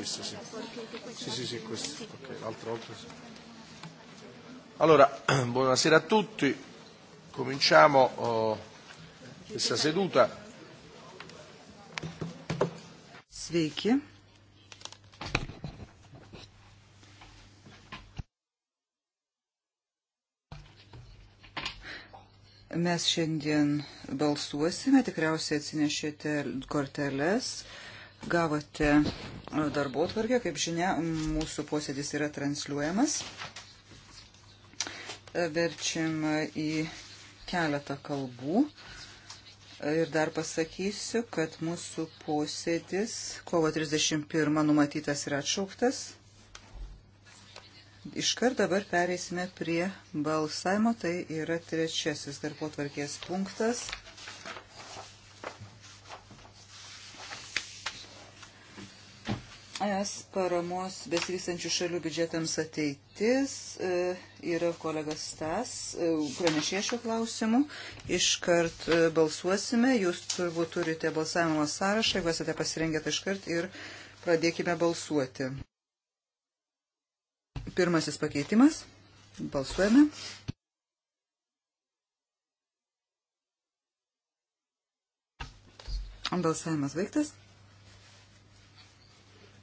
questo, sì. Sì, sì, sì, questo. Ok, l'altra volta sì. Allora, buonasera a tutti. Cominciamo oh, questa seduta. Sveiki. Mes šiandien balsuosime, tikriausiai atsinešėte korteles. Uh, Gavote darbo tvarkę, kaip žinia, mūsų posėdis yra transliuojamas. Verčiama į keletą kalbų. Ir dar pasakysiu, kad mūsų posėdis kovo 31 numatytas yra atšauktas. Iškart dabar pereisime prie balsavimo, tai yra trečiasis darbo tvarkės punktas – Es paramos besivystančių šalių biudžetams ateitis e, yra kolegas Tas, e, pranešė šio klausimu. Iškart e, balsuosime, jūs turbūt turite balsavimo sąrašą, jeigu esate pasirengę, tai iškart ir pradėkime balsuoti. Pirmasis pakeitimas. Balsuojame. Balsavimas baigtas.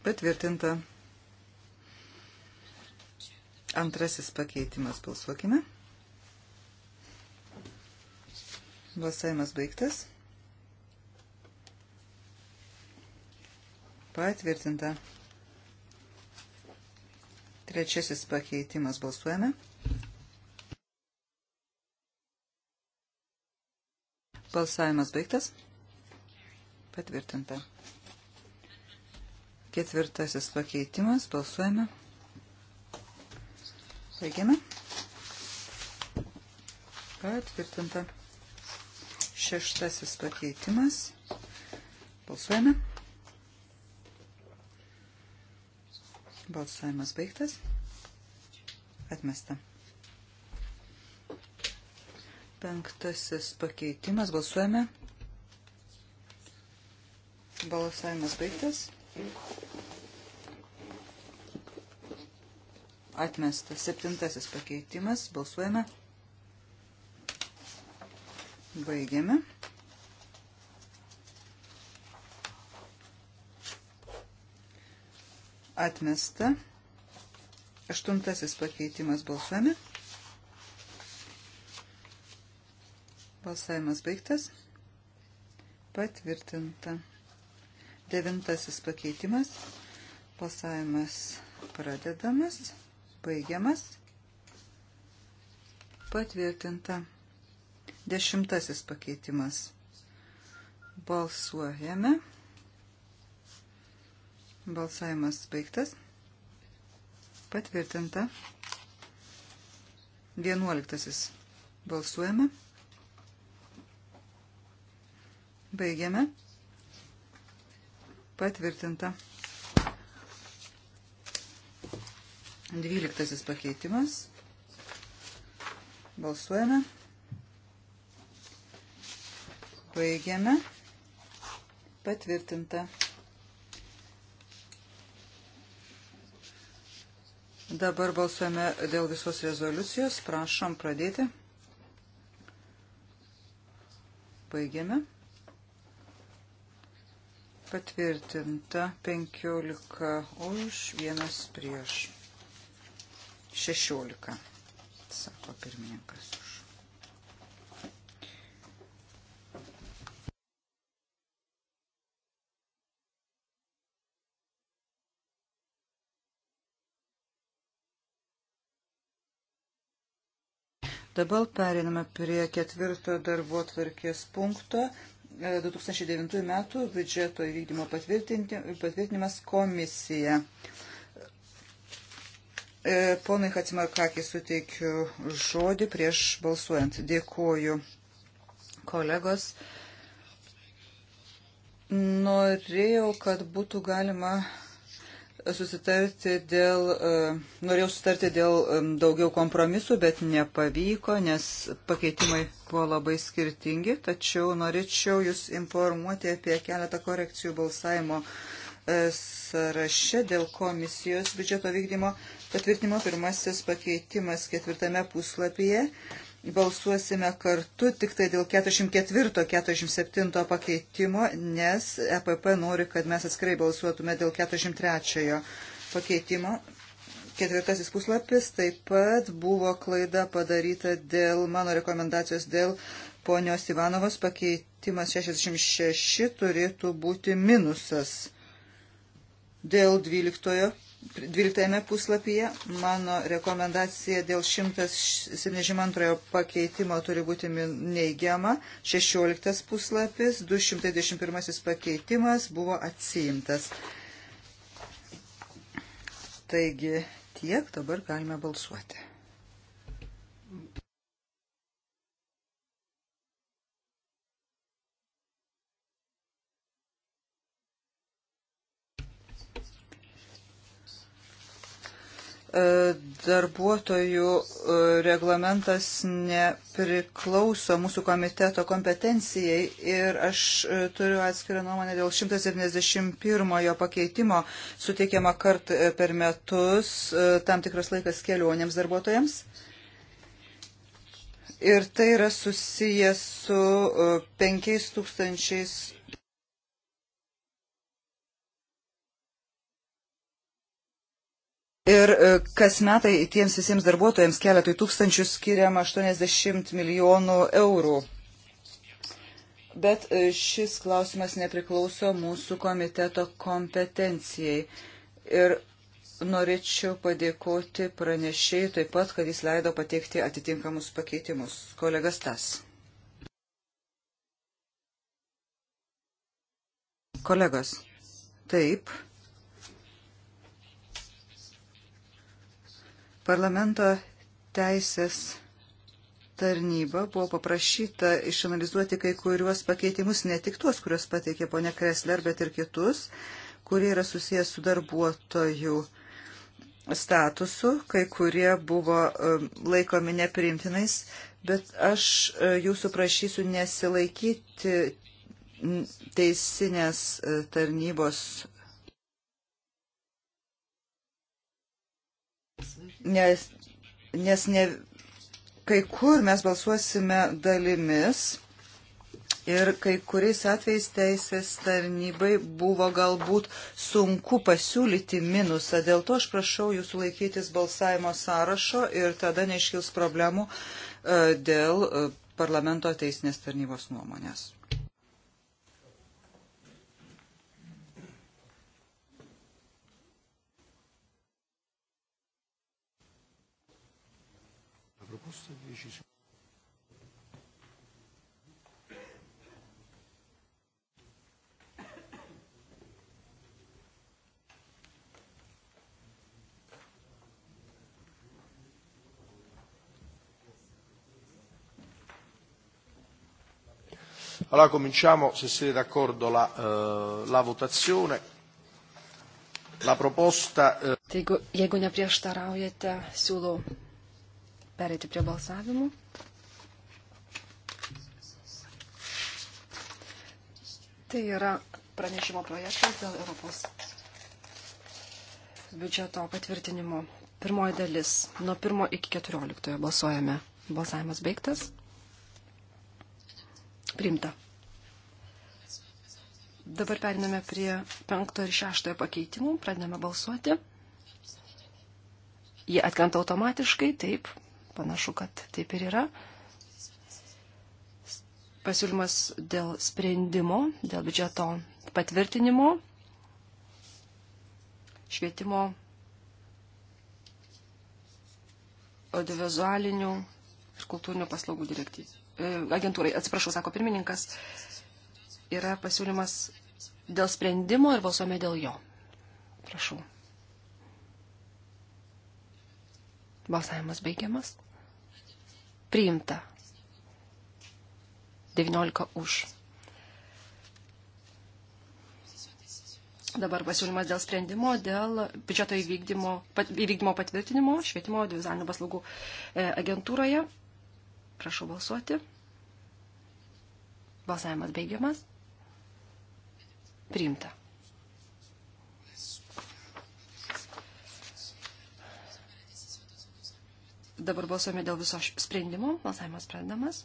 Patvirtinta. Antrasis pakeitimas. Balsuokime. Balsavimas baigtas. Patvirtinta. Trečiasis pakeitimas. Balsuojame. Balsavimas baigtas. Patvirtinta. Ketvirtasis pakeitimas. Balsuojame. Baigiame. Patvirtinta. Šeštasis pakeitimas. Balsuojame. Balsavimas baigtas. Atmesta. Penktasis pakeitimas. Balsuojame. Balsavimas baigtas. Atmestas septintasis pakeitimas. Balsuojame. Baigiame. Atmesta. Aštuntasis pakeitimas balsuojame. Balsavimas baigtas. Patvirtinta. Devintasis pakeitimas. Balsavimas pradedamas, baigiamas. Patvirtinta. Dešimtasis pakeitimas. Balsuojame. Balsavimas baigtas. Patvirtinta. Vienuoliktasis. Balsuojame. Baigiame. Patvirtinta. Dvyliktasis pakeitimas. Balsuojame. Baigiame. Patvirtinta. Dabar balsuojame dėl visos rezoliucijos. Prašom pradėti. Baigiame. Patvirtinta 15 už, 1 prieš. 16, sako pirmininkas už. Dabar periname prie ketvirto darbo tvarkės punkto 2009 e, metų biudžeto įvykdymo patvirtinimas komisija. E, Ponai Hatsimarkakį suteikiu žodį prieš balsuojant. Dėkuoju kolegos. Norėjau, kad būtų galima susitarti dėl, e, norėjau susitarti dėl daugiau kompromisų, bet nepavyko, nes pakeitimai buvo labai skirtingi, tačiau norėčiau Jūs informuoti apie keletą korekcijų balsavimo e, sąraše dėl komisijos biudžeto vykdymo patvirtinimo pirmasis pakeitimas ketvirtame puslapyje balsuosime kartu tik tai dėl 44-47 pakeitimo, nes EPP nori, kad mes atskirai balsuotume dėl 43 pakeitimo. Ketvirtasis puslapis taip pat buvo klaida padaryta dėl mano rekomendacijos dėl ponios Ivanovos pakeitimas 66 turėtų būti minusas dėl 12 12 puslapyje mano rekomendacija dėl 172 pakeitimo turi būti neigiama. 16 puslapis, 221 pakeitimas buvo atsiimtas. Taigi tiek dabar galime balsuoti. E, darbuotojų e, reglamentas nepriklauso mūsų komiteto kompetencijai ir aš e, turiu atskirą nuomonę dėl 171 pakeitimo suteikiama kart per metus tam tikras laikas kelionėms darbuotojams. Ir tai yra susijęs su 5000 Ir e, kas metai tiems visiems darbuotojams keletui tūkstančių skiriam 80 milijonų eurų. Bet e, šis klausimas nepriklauso mūsų komiteto kompetencijai. Ir norėčiau padėkoti pranešėjui taip pat, kad jis leido pateikti atitinkamus pakeitimus. Kolegas Tas. Kolegos, taip. Parlamento teisės tarnyba buvo paprašyta išanalizuoti kai kuriuos pakeitimus, ne tik tuos, kuriuos pateikė ponia Kresler, bet ir kitus, kurie yra susijęs su darbuotojų statusu, kai kurie buvo um, laikomi nepriimtinais, bet aš e, jūsų prašysiu nesilaikyti teisinės e, tarnybos nes, nes ne, kai kur mes balsuosime dalimis ir kai kuriais atvejais teisės tarnybai buvo galbūt sunku pasiūlyti minusą. Dėl to aš prašau jūsų laikytis balsavimo sąrašo ir tada neiškils problemų e, dėl e, parlamento teisinės tarnybos nuomonės. Allora cominciamo, se siete d'accordo, la, uh, la votazione. La proposta. Uh... Taigi, jeigu neprieštaraujate, siūlau perėti prie balsavimų. Tai yra pranešimo projektas dėl Europos biudžeto patvirtinimo. Pirmoji dalis. Nuo 1 iki 14 balsuojame. Balsavimas baigtas. Primta. Dabar periname prie penkto ir šeštojo pakeitimų, pradedame balsuoti. Jie atkrenta automatiškai, taip, panašu, kad taip ir yra. Pasiūlymas dėl sprendimo, dėl biudžeto patvirtinimo, švietimo audiovizualinių ir kultūrinių paslaugų direktyvų. E, agentūrai, atsiprašau, sako pirmininkas, yra pasiūlymas dėl sprendimo ir balsuome dėl jo. Prašau. Balsavimas baigiamas. Priimta. 19 už. Dabar pasiūlymas dėl sprendimo, dėl biudžeto įvykdymo, pat, įvykdymo patvirtinimo švietimo dvizalinio paslaugų e, agentūroje. Prašau balsuoti. Balsavimas baigiamas. Priimta. Dabar balsuojame dėl viso sprendimo. Balsavimas pradedamas.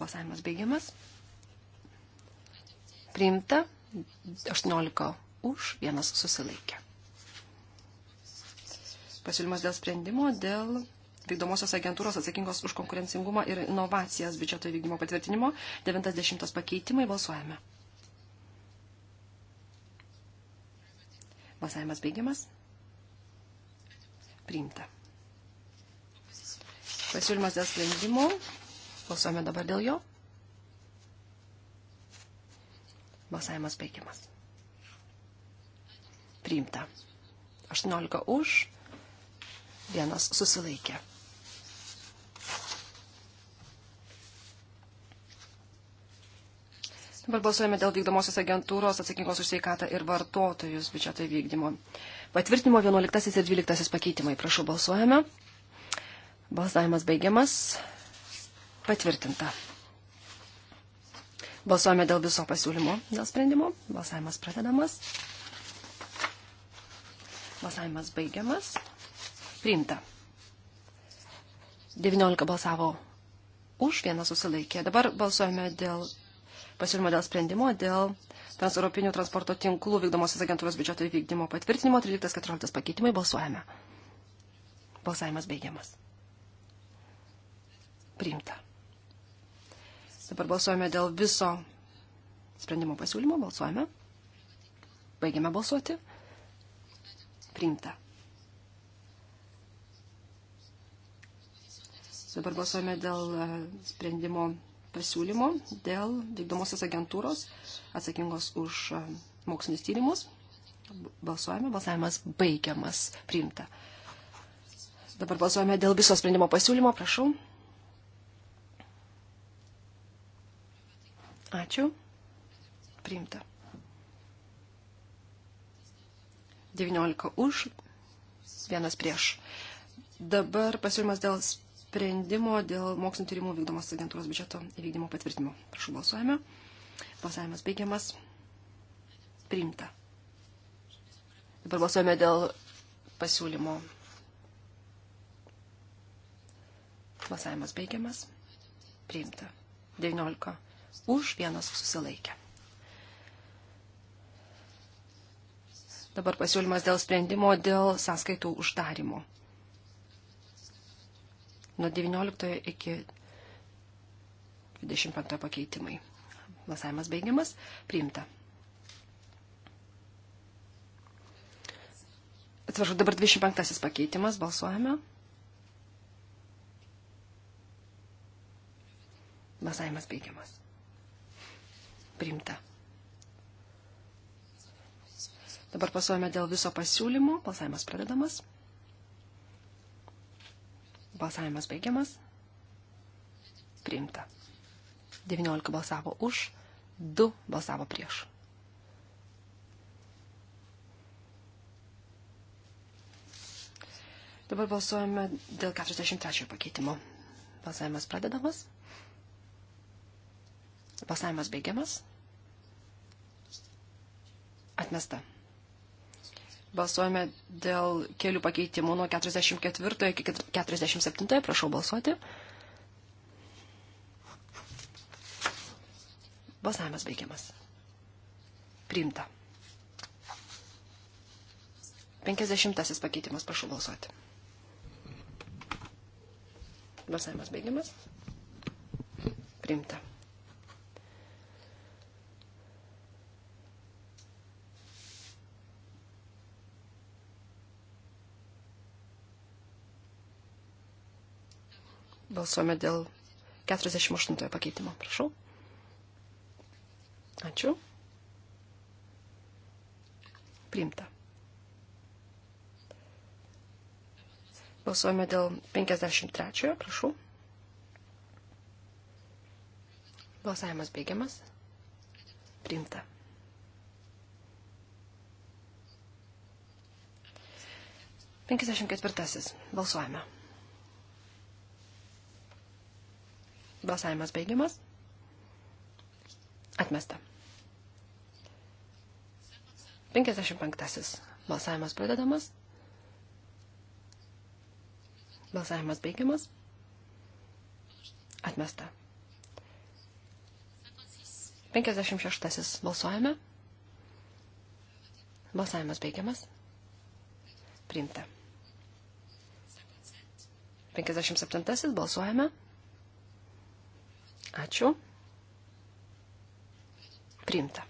Balsavimas baigiamas. Priimta. 18 už, vienas susilaikė. Pasiūlymas dėl sprendimo dėl vykdomosios agentūros atsakingos už konkurencingumą ir inovacijas biudžeto vykdymo patvirtinimo. 90 pakeitimai balsuojame. Balsavimas baigiamas. Priimta. Pasiūlymas dėl sprendimo. Balsuojame dabar dėl jo. Balsavimas baigiamas. Priimta. 18 už, vienas susilaikė. Dabar balsuojame dėl vykdomosios agentūros atsakingos už sveikatą ir vartotojus biudžeto įvykdymo. Patvirtinimo 11 ir 12 pakeitimai. Prašau, balsuojame. Balsavimas baigiamas. Patvirtinta. Balsuojame dėl viso pasiūlymo, dėl sprendimo. Balsavimas pradedamas. Balsavimas baigiamas. Priimta. 19 balsavo už, vienas susilaikė. Dabar balsuojame dėl pasiūlymo dėl sprendimo dėl transeuropinių transporto tinklų vykdomosios agentūros biudžeto įvykdymo patvirtinimo 13-14 pakeitimai balsuojame. Balsavimas baigiamas. Priimta. Dabar balsuojame dėl viso sprendimo pasiūlymo. Balsuojame. Baigiame balsuoti. Priimta. Dabar balsuojame dėl e, sprendimo pasiūlymo dėl vykdomosios agentūros atsakingos už e, mokslinius tyrimus. Balsuojame, balsavimas baigiamas, priimta. Dabar balsuojame dėl viso sprendimo pasiūlymo, prašau. Ačiū. Priimta. 19 už, vienas prieš. Dabar pasiūlymas dėl sprendimo dėl mokslinio tyrimų vykdomos agentūros biudžeto įvykdymo patvirtinimo. Prašau balsuojame. Balsavimas baigiamas. Priimta. Dabar balsuojame dėl pasiūlymo. Balsavimas baigiamas. Priimta. 19. Už vienas susilaikė. Dabar pasiūlymas dėl sprendimo dėl sąskaitų uždarimo nuo 19 iki 25 pakeitimai. Balsavimas baigiamas, priimta. Atsiprašau, dabar 25 pakeitimas, balsuojame. Balsavimas baigiamas. Priimta. Dabar pasuojame dėl viso pasiūlymo. Balsavimas pradedamas. Balsavimas baigiamas. Priimta. 19 balsavo už, 2 balsavo prieš. Dabar balsuojame dėl 43 pakeitimo. Balsavimas pradedamas. Balsavimas baigiamas. Atmesta. Balsuojame dėl kelių pakeitimų nuo 44 iki 47. Prašau balsuoti. Balsavimas baigiamas. Priimta. 50 pakeitimas, prašau balsuoti. Balsavimas baigiamas. Priimta. Balsuojame dėl 48 pakeitimo. Prašau. Ačiū. Priimta. Balsuojame dėl 53. Prašau. Balsavimas baigiamas. Priimta. Penkiasdešimt ketvirtasis. Balsuojame. Balsavimas baigiamas. Atmesta. 55. Balsavimas pradedamas. Balsavimas baigiamas. Atmesta. 56. Balsuojame. Balsavimas baigiamas. Priimta. 57. Balsuojame. Ačiū. Priimta.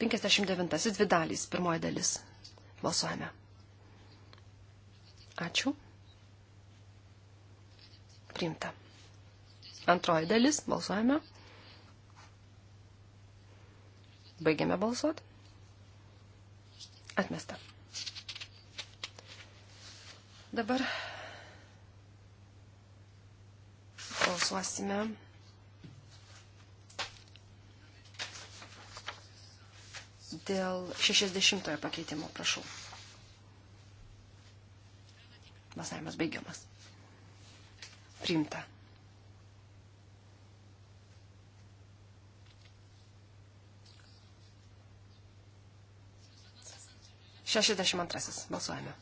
59. Dvi dalys. Pirmoji dalis. Balsuojame. Ačiū. Priimta. Antroji dalis. Balsuojame. Baigiame balsuoti. Atmesta. Dabar balsuosime. Dėl 60 pakeitimo, prašau. Balsavimas baigiamas. Priimta. Šešiasdešimt antrasis. Balsuojame.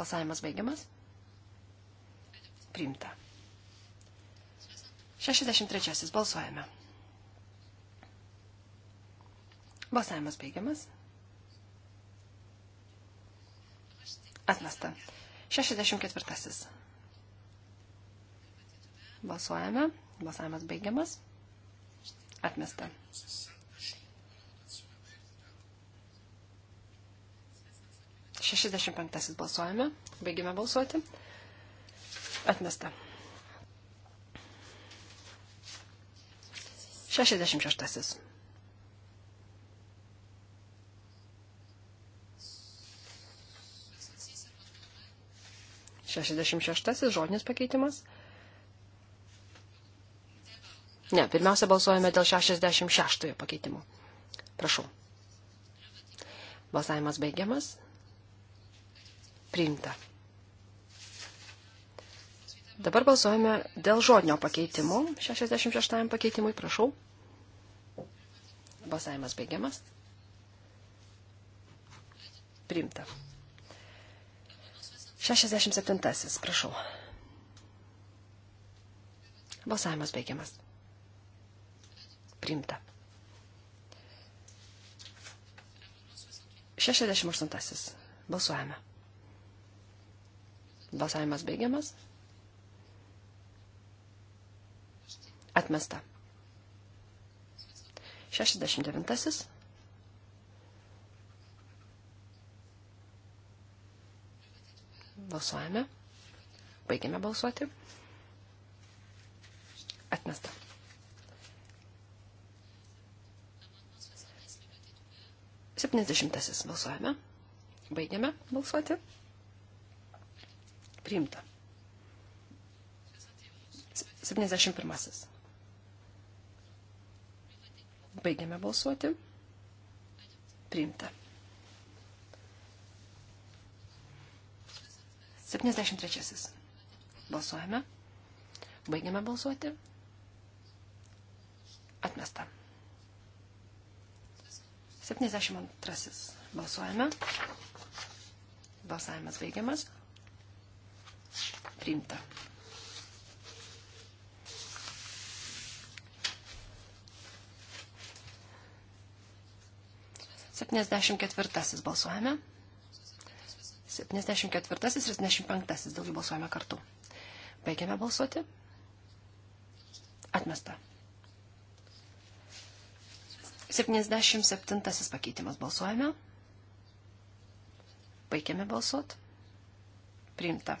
Balsavimas baigiamas. Priimta. 63. Balsuojame. Balsavimas baigiamas. Atmesta. 64. Balsuojame. Balsavimas baigiamas. Atmesta. Šešdešimt penktasis balsuojame. Baigime balsuoti. Atmesta. 66. Šešdešimt šeštasis žodinis pakeitimas. Ne, pirmiausia balsuojame dėl 66 pakeitimo. Prašau. Balsavimas baigiamas. Priimta. Dabar balsuojame dėl žodinio pakeitimo. 66 pakeitimui, prašau. Balsavimas baigiamas. Priimta. 67. Prašau. Balsavimas baigiamas. Priimta. 68. Balsuojame. Balsavimas baigiamas. Atmesta. 69. Balsuojame. Baigiame balsuoti. Atmesta. Septyniasdešimtasis balsuojame. Baigiame balsuoti. Priimta. Septyniasdešimt pirmasis. Baigiame balsuoti. Priimta. 73. Balsuojame. Baigiame balsuoti. Atmesta. 72. Balsuojame. Balsavimas baigiamas. Priimta. 74 balsuojame. 74 ir 75 dėl jų balsuojame kartu. Baigiame balsuoti. Atmesta. 77 pakeitimas balsuojame. Baigiame balsuoti. Priimta.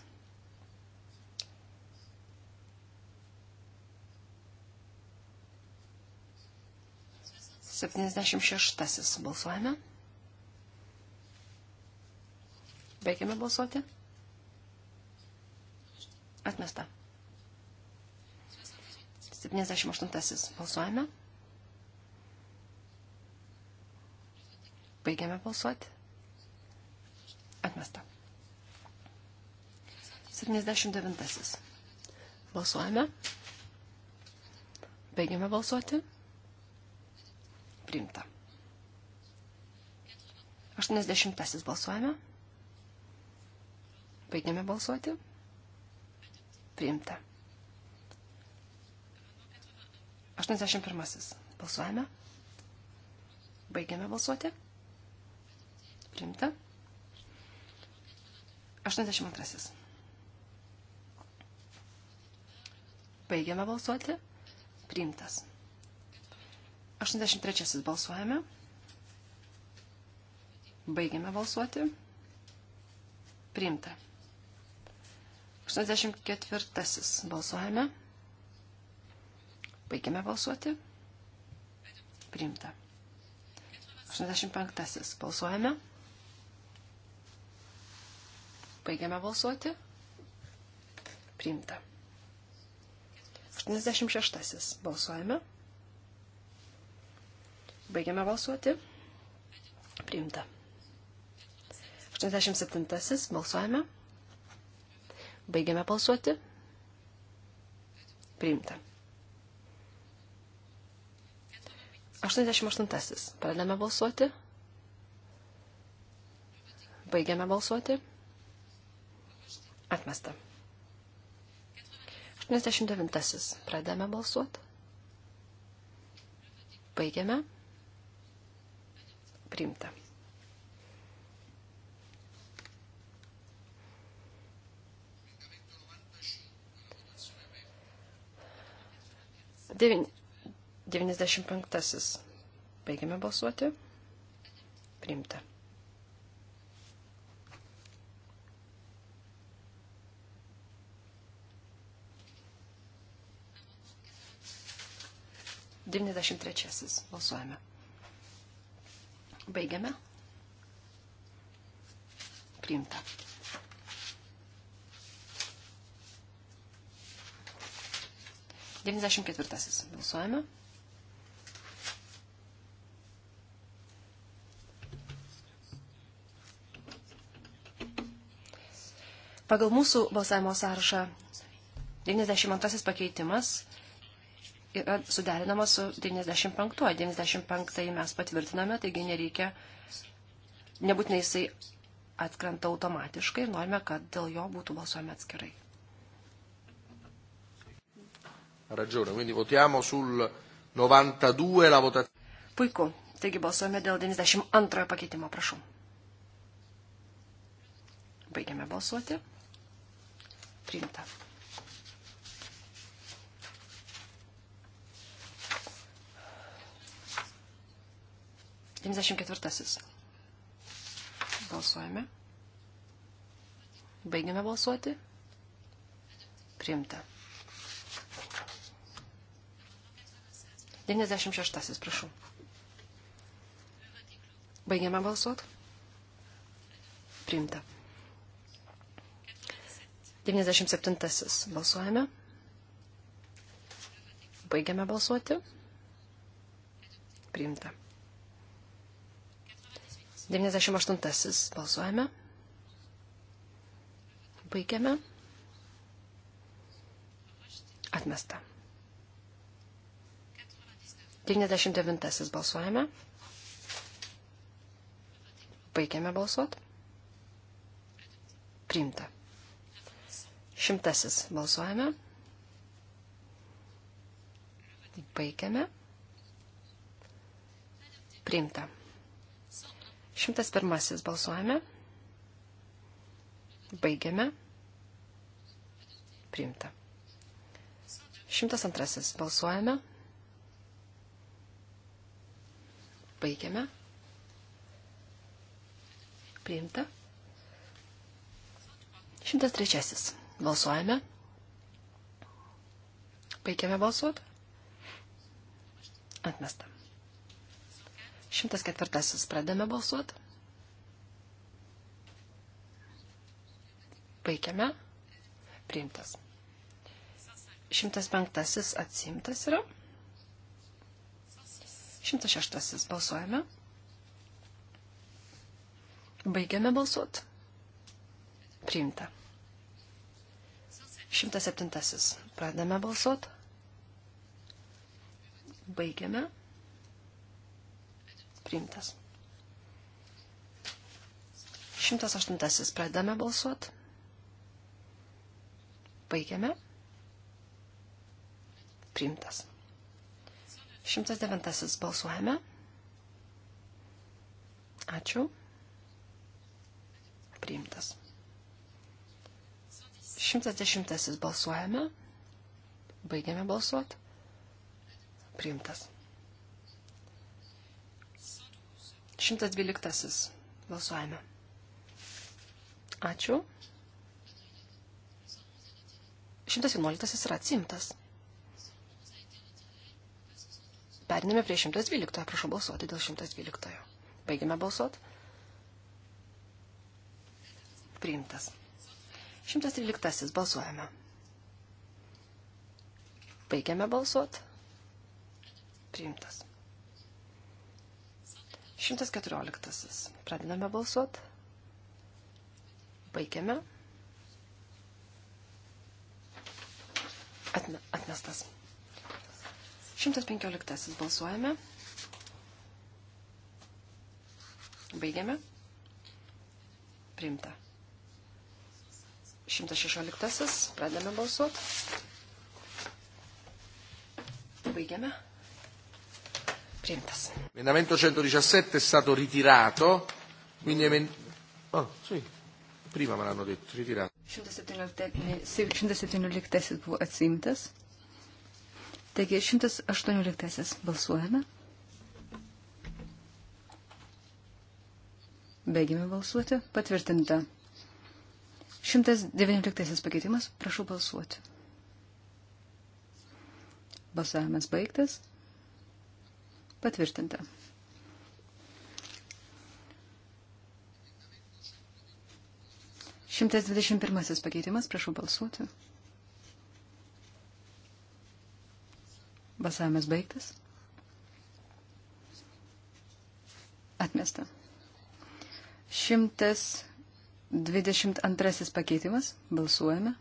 76 balsuojame. Baigiame balsuoti. Atmesta. 78 balsuojame. Baigiame balsuoti. Atmesta. 79. Balsuojame. Baigiame balsuoti. Primta. 80 balsuojame. Baigiame balsuoti. Priimta. 81 balsuojame. Baigiame balsuoti. Priimta. 82. Baigiame balsuoti. Priimtas. 83 balsuojame. Baigiame balsuoti. Priimta. 84 balsuojame. Baigiame balsuoti. Priimta. 85 balsuojame. Baigiame balsuoti. Priimta. 86 balsuojame. Baigiame balsuoti. Priimta. 87. Balsuojame. Baigiame balsuoti. Priimta. 88. Pradedame balsuoti. Baigiame balsuoti. Atmesta. 89. Pradedame balsuoti. Baigiame. Primta. Devin... 95. Baigiame balsuoti. Primta. Devyniasdešimt trečiasis. Balsuojame. Baigiame. Priimta. Devyniasdešimt ketvirtasis. Balsuojame. Pagal mūsų balsavimo sąrašą 92 pakeitimas yra suderinama su 95. 95 mes patvirtiname, taigi nereikia, nebūtinai jisai atkrenta automatiškai ir norime, kad dėl jo būtų balsuojama atskirai. Ragione, quindi votiamo sul 92 la votazione. Puiku, taigi balsuojame dėl 92 pakeitimo, prašau. Baigiame balsuoti. Priimta. 74. Balsuojame. Baigiame balsuoti. Priimta. 96. Prašau. Baigiame balsuoti. Priimta. 97. Balsuojame. Baigiame balsuoti. Priimta. 98. Balsuojame. Baigiame. Atmesta. 99. Balsuojame. Baigiame balsuot. Priimta. Šimtasis balsuojame. Baigiame. Priimta. Šimtas pirmasis balsuojame. Baigiame. Priimta. Šimtas antrasis balsuojame. Baigiame. Priimta. Šimtas trečiasis balsuojame. Baigiame balsuoti. Atmesta. 104. Pradame balsuoti. Baigiame. Priimtas. 105. Atsimtas yra. 106. Balsuojame. Baigiame balsuoti. Priimta. 107. Pradame balsuoti. Baigiame priimtas. 108. Pradame balsuot. Baigiame. Priimtas. 109. Balsuojame. Ačiū. Priimtas. 110. Balsuojame. Baigiame balsuot. Priimtas. 112. Balsuojame. Ačiū. 111 yra atsimtas. Periname prie 112. Prašau balsuoti dėl 112. Baigiame balsuoti. Priimtas. 113. Balsuojame. Baigiame balsuoti. Priimtas. 114. Pradedame balsuoti. Baigiame. Atme, atmestas. 115. Balsuojame. Baigiame. Priimta. 116. Pradedame balsuoti. Baigiame. Priimtas. Emendamento 117 è stato ritirato, quindi emend... oh, ah, sì. prima me l'hanno detto, ritirato. 117, 117 buvo atsimtas. Taigi 118 balsuojame. Baigime balsuoti. Patvirtinta. 119 pakeitimas. Prašau balsuoti. Balsavimas baigtas. Patvirtinta. Šimtas dvidešimt pirmasis pakeitimas, prašau balsuoti. Balsavimas baigtas. Atmesta. 122 pakeitimas. Balsuojame.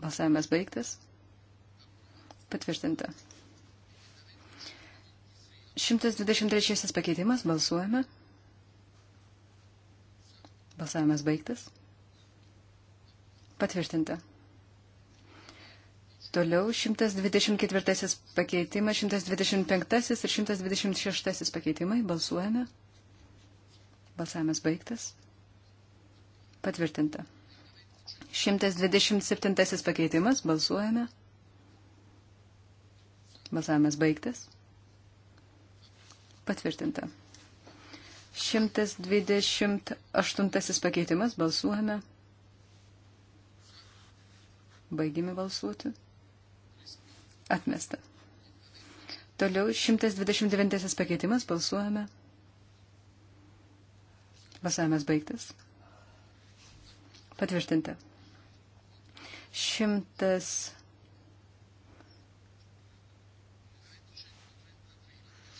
Balsavimas baigtas. Patvirtinta. 123 pakeitimas. Balsuojame. Balsavimas baigtas. Patvirtinta. Toliau 124 pakeitimas, 125 ir 126 pakeitimai. Balsuojame. Balsavimas baigtas. Patvirtinta. 127 pakeitimas. Balsuojame. Balsavimas baigtas. Patvirtinta. 128 pakeitimas. Balsuojame. Baigėme balsuoti. Atmesta. Toliau 129 pakeitimas. Balsuojame. Balsavimas baigtas. Patvirtinta. 100.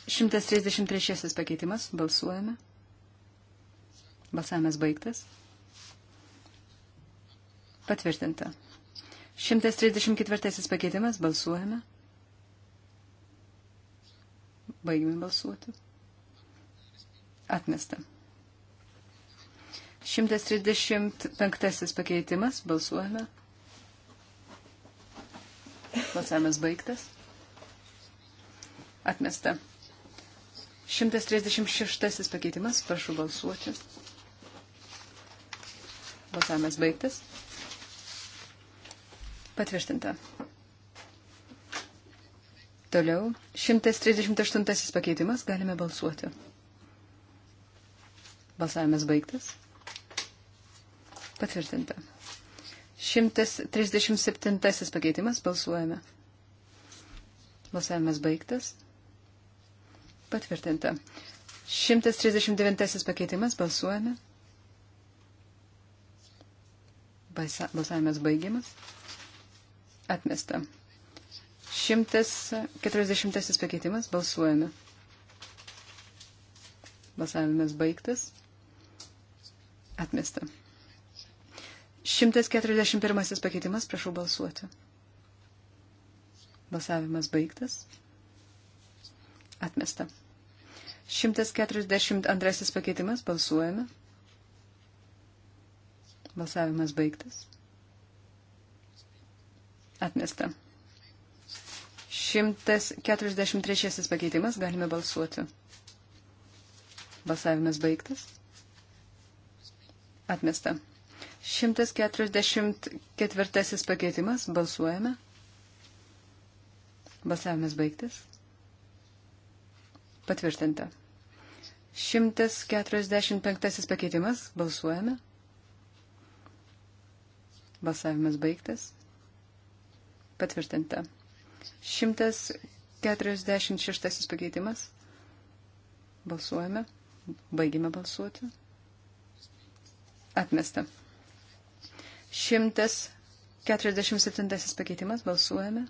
133 pakeitimas. Balsuojame. Balsavimas baigtas. Patvirtinta. 134 pakeitimas. Balsuojame. Baigime balsuoti. Atmesta. 135 pakeitimas. Balsuojame. Balsavimas baigtas. Atmesta. 136 pakeitimas, prašau balsuoti. Balsavimas baigtas. Patvirtinta. Toliau, 138 pakeitimas, galime balsuoti. Balsavimas baigtas. Patvirtinta. 137 pakeitimas, balsuojame. Balsavimas baigtas. Patvirtinta. 139 pakeitimas. Balsuojame. Balsavimas baigiamas. Atmesta. 140 pakeitimas. Balsuojame. Balsavimas baigtas. Atmesta. 141 pakeitimas. Prašau balsuoti. Balsavimas baigtas. Atmesta. 142 pakeitimas. Balsuojame. Balsavimas baigtas. Atmesta. 143 pakeitimas. Galime balsuoti. Balsavimas baigtas. Atmesta. 144 pakeitimas. Balsuojame. Balsavimas baigtas. Patvirtinta. 145 pakeitimas. Balsuojame. Balsavimas baigtas. Patvirtinta. 146 pakeitimas. Balsuojame. Baigime balsuoti. Atmesta. 147 pakeitimas. Balsuojame.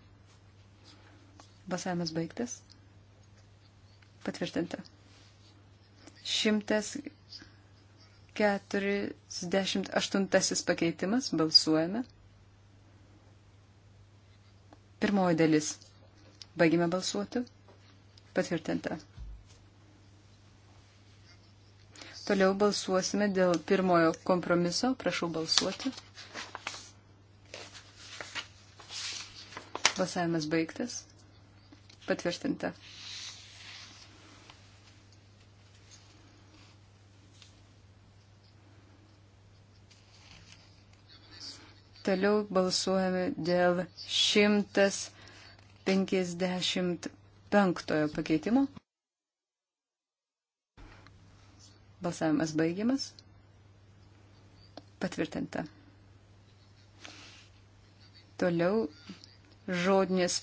Balsavimas baigtas. Patvirtinta. 148 pakeitimas. Balsuojame. Pirmoji dalis. Baigime balsuoti. Patvirtinta. Toliau balsuosime dėl pirmojo kompromiso. Prašau balsuoti. Balsavimas baigtas. Patvirtinta. Toliau balsuojame dėl 155 pakeitimo. Balsavimas baigiamas. Patvirtinta. Toliau žodinės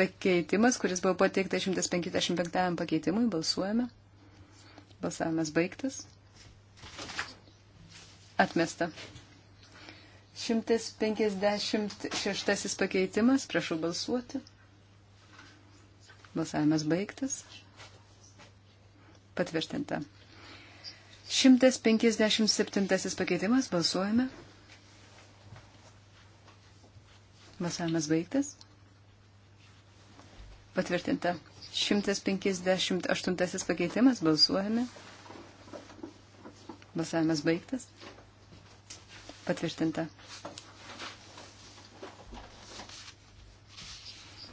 pakeitimas, kuris buvo pateiktas 155 pakeitimui. Balsuojame. Balsavimas baigtas. Atmesta. 156 pakeitimas, prašau balsuoti. Balsavimas baigtas. Patvirtinta. 157 pakeitimas, balsuojame. Balsavimas baigtas. Patvirtinta. 158 pakeitimas, balsuojame. Balsavimas baigtas. Patvirtinta.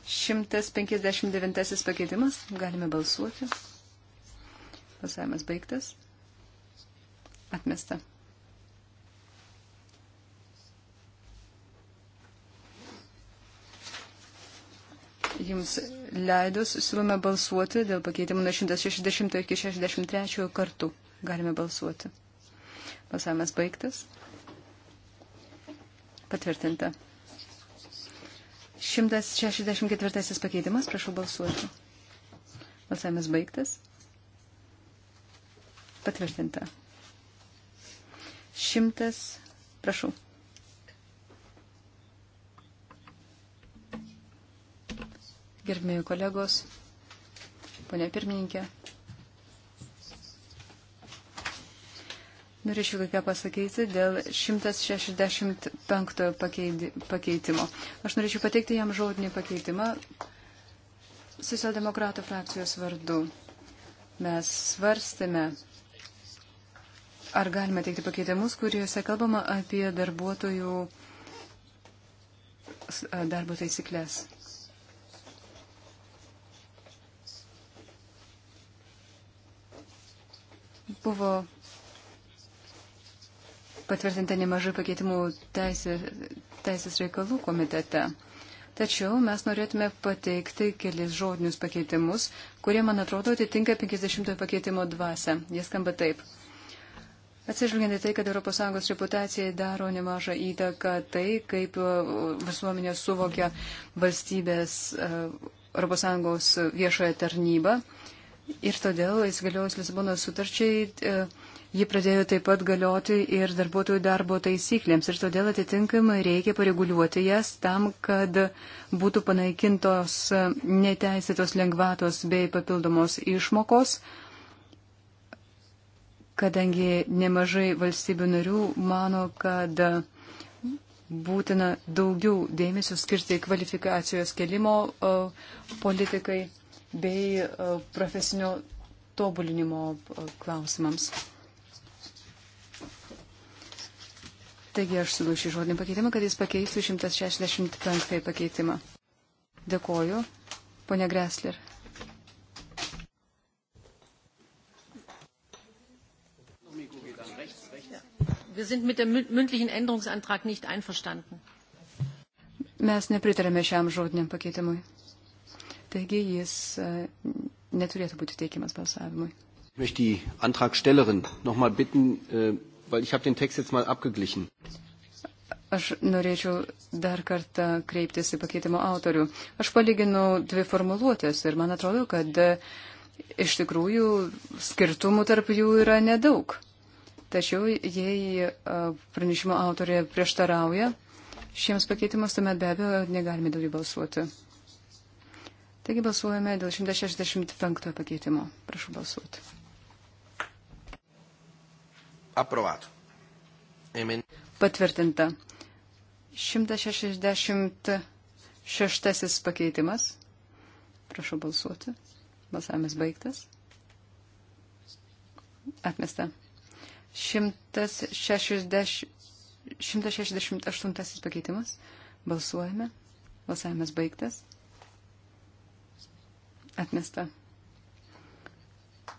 159 pakeitimas. Galime balsuoti. Balsavimas baigtas. Atmesta. Jums leidus siūlome balsuoti dėl pakeitimų nuo 160 iki 63 kartų. Galime balsuoti. Balsavimas baigtas. Patvirtinta. 164 pakeitimas, prašau balsuoti. Balsavimas baigtas. Patvirtinta. 100, prašau. Gerbėjų kolegos, ponia pirmininkė, Norėčiau kai ką pasakyti dėl 165 pakeitimo. Aš norėčiau pateikti jam žodinį pakeitimą socialdemokratų frakcijos vardu. Mes svarstėme, ar galime teikti pakeitimus, kuriuose kalbama apie darbuotojų darbo taisyklės. Buvo patvirtinta nemažai pakeitimų teisės, teisės reikalų komitete. Tačiau mes norėtume pateikti kelis žodinius pakeitimus, kurie, man atrodo, atitinka 50 pakeitimo dvasę. Jie skamba taip. Atsižvelgiant į tai, kad ES reputacijai daro nemažą įtaką tai, kaip visuomenė suvokia valstybės e, ES viešoje tarnybą. Ir todėl įsigaliojus Lisabonos sutarčiai e, Ji pradėjo taip pat galioti ir darbuotojų darbo taisyklėms ir todėl atitinkamai reikia pareguliuoti jas tam, kad būtų panaikintos neteisėtos lengvatos bei papildomos išmokos, kadangi nemažai valstybių narių mano, kad būtina daugiau dėmesio skirti kvalifikacijos kelimo politikai bei profesinio tobulinimo klausimams. Taigi aš siūlau šį žodinį pakeitimą, kad jis pakeistų 165 pakeitimą. Dėkoju, ponia Gresler. Wir sind mit dem mündlichen Änderungsantrag nicht einverstanden. Mes nepritarėme šiam žodiniam pakeitimui. Taigi jis e, neturėtų būti teikiamas balsavimui. Ich möchte die Antragstellerin noch mal bitten, äh weil ich habe den Text jetzt mal abgeglichen. Aš norėčiau dar kartą kreiptis į pakeitimo autorių. Aš palyginau dvi formuluotės ir man atrodo, kad e, iš tikrųjų skirtumų tarp jų yra nedaug. Tačiau jei e, pranešimo autorė prieštarauja šiems pakeitimus, tuomet be abejo negalime dėl jų balsuoti. Taigi balsuojame dėl 165 pakeitimo. Prašau balsuoti. Approvato. Amen. Patvirtinta. 166 pakeitimas. Prašau balsuoti. Balsavimas baigtas. Atmesta. 160, 168 pakeitimas. Balsuojame. Balsavimas baigtas. Atmesta.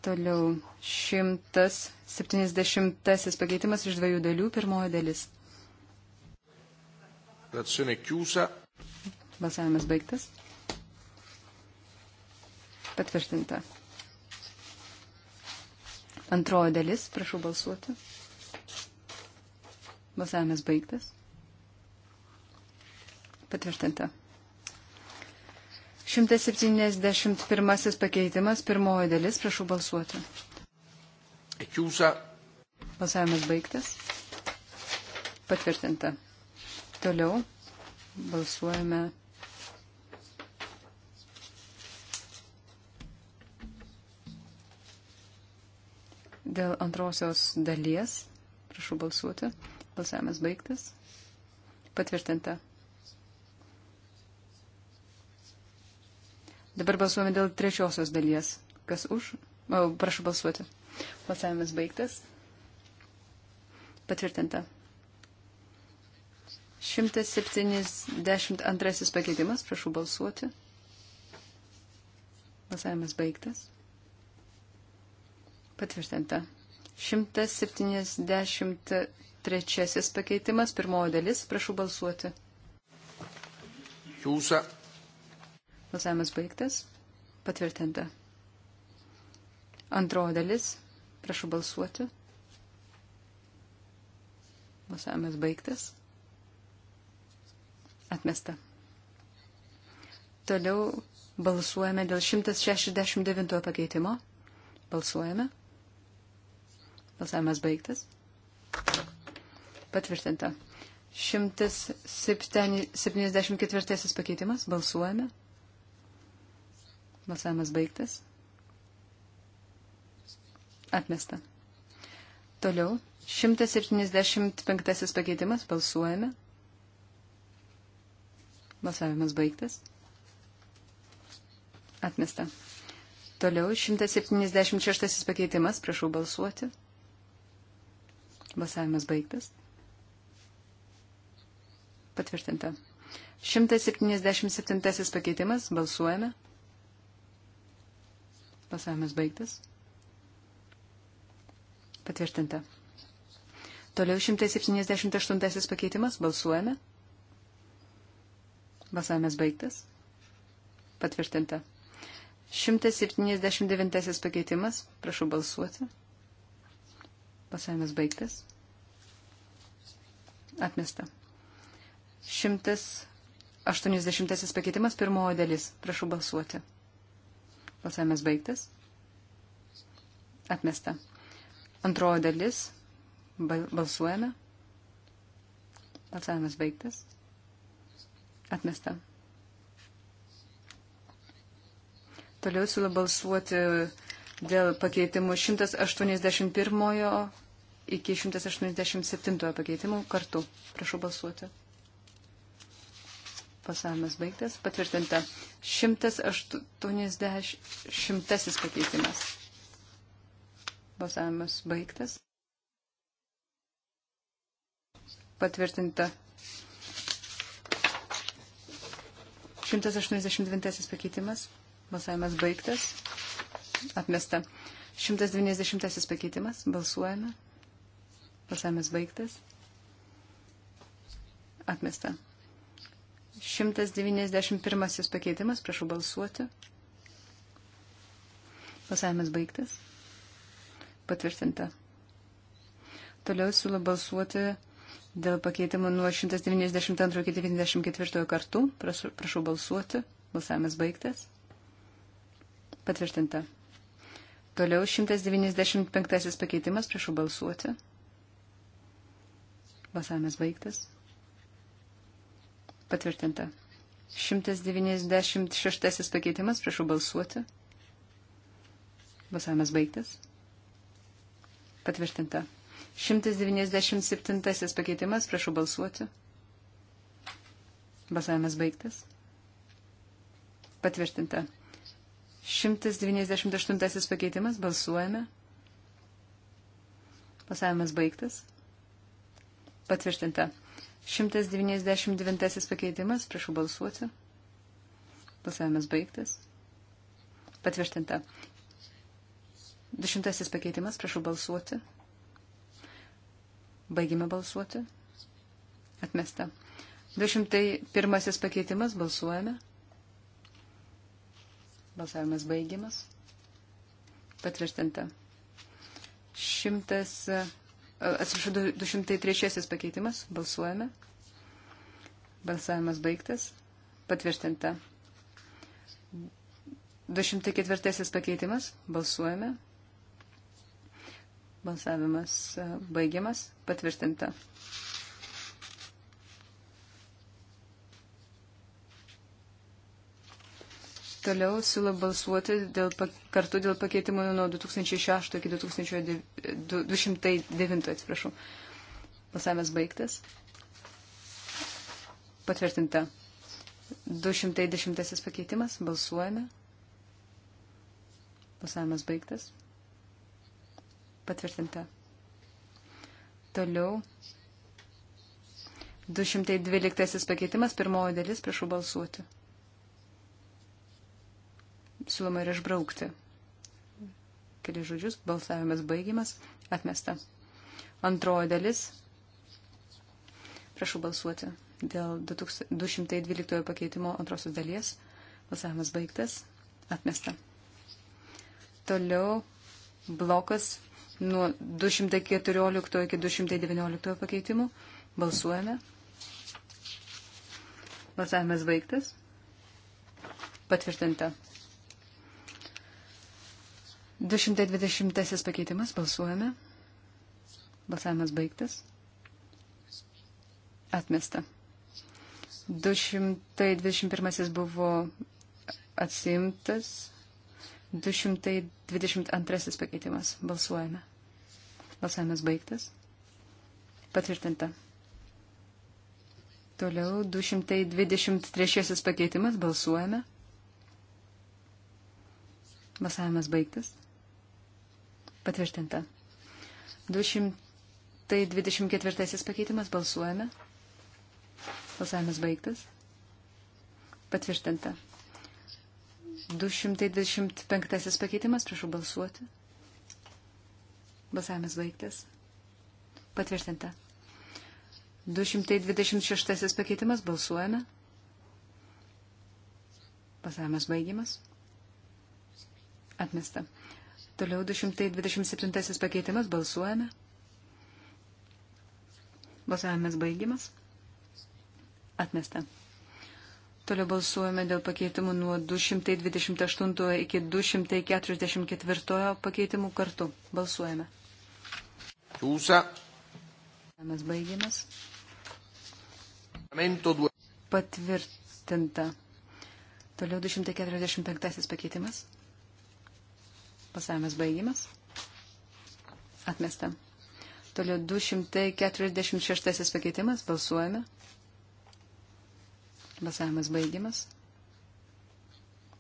Toliau 170 pakeitimas iš dviejų dalių, pirmoji dalis. Balsavimas baigtas. Patvirtinta. Antroji dalis, prašau balsuoti. Balsavimas baigtas. Patvirtinta. 171 pakeitimas, pirmoji dalis, prašau balsuoti. Kiusa. Balsavimas baigtas. Patvirtinta. Toliau balsuojame. Dėl antrosios dalies, prašau balsuoti, balsavimas baigtas. Patvirtinta. Dabar balsuojame dėl trečiosios dalies. Kas už? O, prašau balsuoti. Balsavimas baigtas. Patvirtinta. 172 pakeitimas. Prašau balsuoti. Balsavimas baigtas. Patvirtinta. 173 pakeitimas. Pirmoji dalis. Prašau balsuoti. Jūsų. Balsavimas baigtas. Patvirtinta. Antroji dalis. Prašau balsuoti. Balsavimas baigtas. Atmesta. Toliau balsuojame dėl 169 pakeitimo. Balsuojame. Balsavimas baigtas. Patvirtinta. 174 pakeitimas. Balsuojame. Balsavimas baigtas. Atmesta. Toliau. 175 pakeitimas. Balsuojame. Balsavimas baigtas. Atmesta. Toliau. 176 pakeitimas. Prašau balsuoti. Balsavimas baigtas. Patvirtinta. 177 pakeitimas. Balsuojame. Pasavimas baigtas. Patvirtinta. Toliau 178 pakeitimas. Balsuojame. Balsavimas baigtas. Patvirtinta. 179 pakeitimas. Prašau balsuoti. Balsavimas baigtas. Atmesta. 180 pakeitimas. Pirmoji dalis. Prašau balsuoti. Balsavimas baigtas. Atmesta. Antroji dalis. Balsuojame. Balsavimas baigtas. Atmesta. Toliau siūlau balsuoti dėl pakeitimų 181 iki 187 pakeitimų kartu. Prašau balsuoti. Pasavimas baigtas. Patvirtinta. 180 pakeitimas. Balsavimas baigtas. Patvirtinta. 189 pakeitimas. Balsavimas baigtas. Atmesta. 190 pakeitimas. Balsuojame. Balsavimas baigtas. Atmesta. 191 pakeitimas, prašau balsuoti. Balsavimas baigtas. Patvirtinta. Toliau siūlau balsuoti dėl pakeitimų nuo 192 iki 94 kartų. Prašau, prašau balsuoti. Balsavimas baigtas. Patvirtinta. Toliau 195 pakeitimas. Prašau balsuoti. Balsavimas baigtas. Patvirtinta. 196 pakeitimas, prašau balsuoti. Balsavimas baigtas. Patvirtinta. 197 pakeitimas, prašau balsuoti. Balsavimas baigtas. Patvirtinta. 198 pakeitimas, balsuojame. Balsavimas baigtas. Patvirtinta. 199 pakeitimas, prašau balsuoti. Balsavimas baigtas. Patvirtinta. 200 pakeitimas, prašau balsuoti. Baigime balsuoti. Atmesta. 201 pakeitimas, balsuojame. Balsavimas baigimas. Patvirtinta. 100. Atsiprašau, 203 pakeitimas. Balsuojame. Balsavimas baigtas. Patvirtinta. 204 pakeitimas. Balsuojame. Balsavimas baigiamas. Patvirtinta. Toliau siūlau balsuoti dėl, kartu dėl pakeitimų nuo 2006 iki 2209, atsiprašau. Balsavimas baigtas. Patvirtinta. 210 pakeitimas. Balsuojame. Balsavimas baigtas. Patvirtinta. Toliau. 212 pakeitimas. Pirmoji dalis. Prašau balsuoti siūloma yra išbraukti. Keli žodžius, balsavimas baigimas, atmesta. Antroji dalis. Prašau balsuoti dėl 212 pakeitimo antrosios dalies. Balsavimas baigtas, atmesta. Toliau blokas nuo 214 iki 219 pakeitimų. Balsuojame. Balsavimas baigtas. Patvirtinta. 220 pakeitimas, balsuojame. Balsavimas baigtas. Atmesta. 221 buvo atsimtas. 222 pakeitimas. Balsuojame. Balsavimas baigtas. Patvirtinta. Toliau 223 pakeitimas. Balsuojame. Balsavimas baigtas. Patvirtinta. 224 pakeitimas balsuojame. Balsavimas baigtas. Patvirtinta. 225 pakeitimas, prašau balsuoti. Balsavimas baigtas. Patvirtinta. 226 pakeitimas, balsuojame. Balsavimas baigimas. Atmesta. Toliau 227 pakeitimas. Balsuojame. Balsavimas baigimas. Atmesta. Toliau balsuojame dėl pakeitimų nuo 228 iki 244 pakeitimų kartu. Balsuojame. Jūsa. Balsavimas baigimas. Patvirtinta. Toliau 245 pakeitimas. Pasavimas baigimas. Atmesta. Toliau 246 pakeitimas. Balsuojame. Balsavimas baigimas.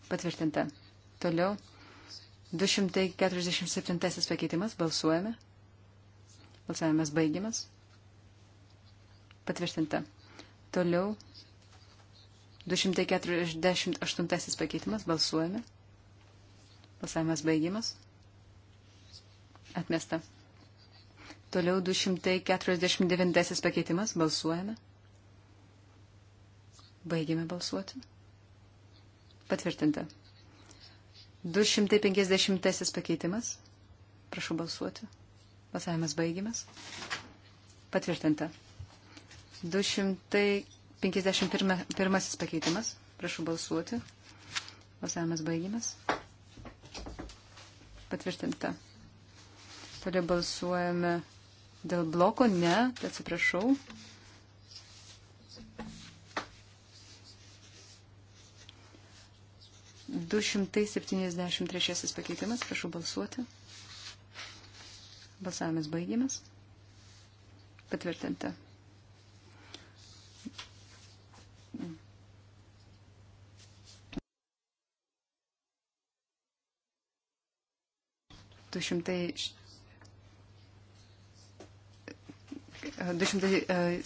Patvirtinta. Toliau 247 pakeitimas. Balsuojame. Balsavimas baigimas. Patvirtinta. Toliau 248 pakeitimas. Balsuojame. Balsavimas baigimas. Atmesta. Toliau 249 pakeitimas. Balsuojame. Baigiame balsuoti. Patvirtinta. 250 pakeitimas. Prašau balsuoti. Balsavimas baigimas. Patvirtinta. 251 pakeitimas. Prašau balsuoti. Balsavimas baigimas. Patvirtinta. Toliau balsuojame dėl bloko. Ne, tai atsiprašau. Du šimtai septyniasdešimt trečiasis pakeitimas. Prašau balsuoti. Balsavimas baigiamas. Patvirtinta. 274 e,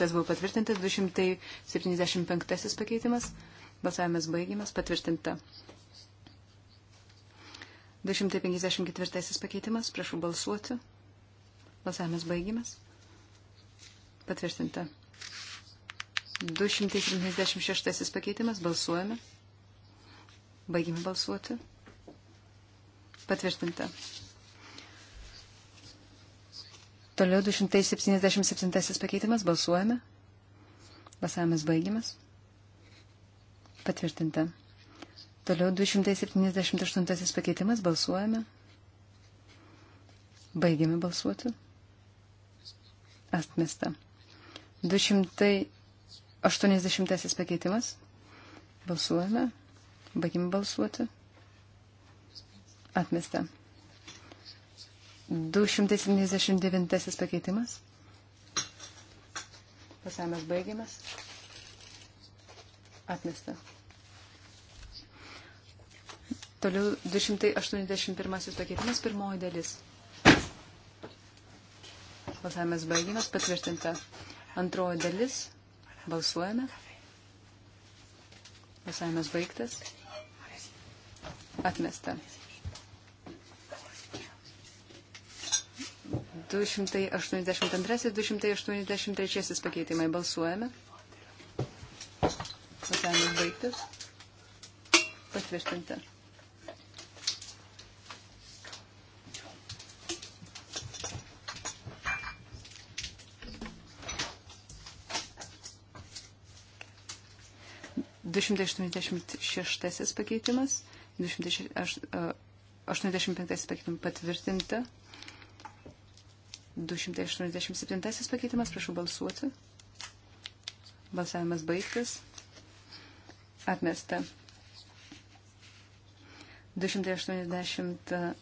e, buvo patvirtintas, 275 pakeitimas, balsavimas baigimas, patvirtinta. 254 pakeitimas, prašau balsuoti, balsavimas baigimas, patvirtinta. 276 pakeitimas, balsuojame, baigime balsuoti. Patvirtinta. Toliau 277 pakeitimas. Balsuojame. Balsavimas baigiamas. Patvirtinta. Toliau 278 pakeitimas. Balsuojame. Baigiame balsuoti. Atmesta. 280 pakeitimas. Balsuojame. Baigiame balsuoti. Atmesta. 279 pakeitimas. Pasavimas baigiamas. Atmesta. Toliau 281 pakeitimas, pirmoji dalis. Balsavimas baigiamas, patvirtinta. Antroji dalis. Balsuojame. Balsavimas baigtas. Atmesta. 282-283 pakeitimai. Balsuojame. Balsavimas baigtas. Patvirtinta. Du šimtai aštuoniasdešimt šeštasis pakeitimas, du šimtai aštuoniasdešimt penktasis pakeitimas patvirtinta. 287 pakeitimas, prašau balsuoti. Balsavimas baigtas. Atmesta. 280,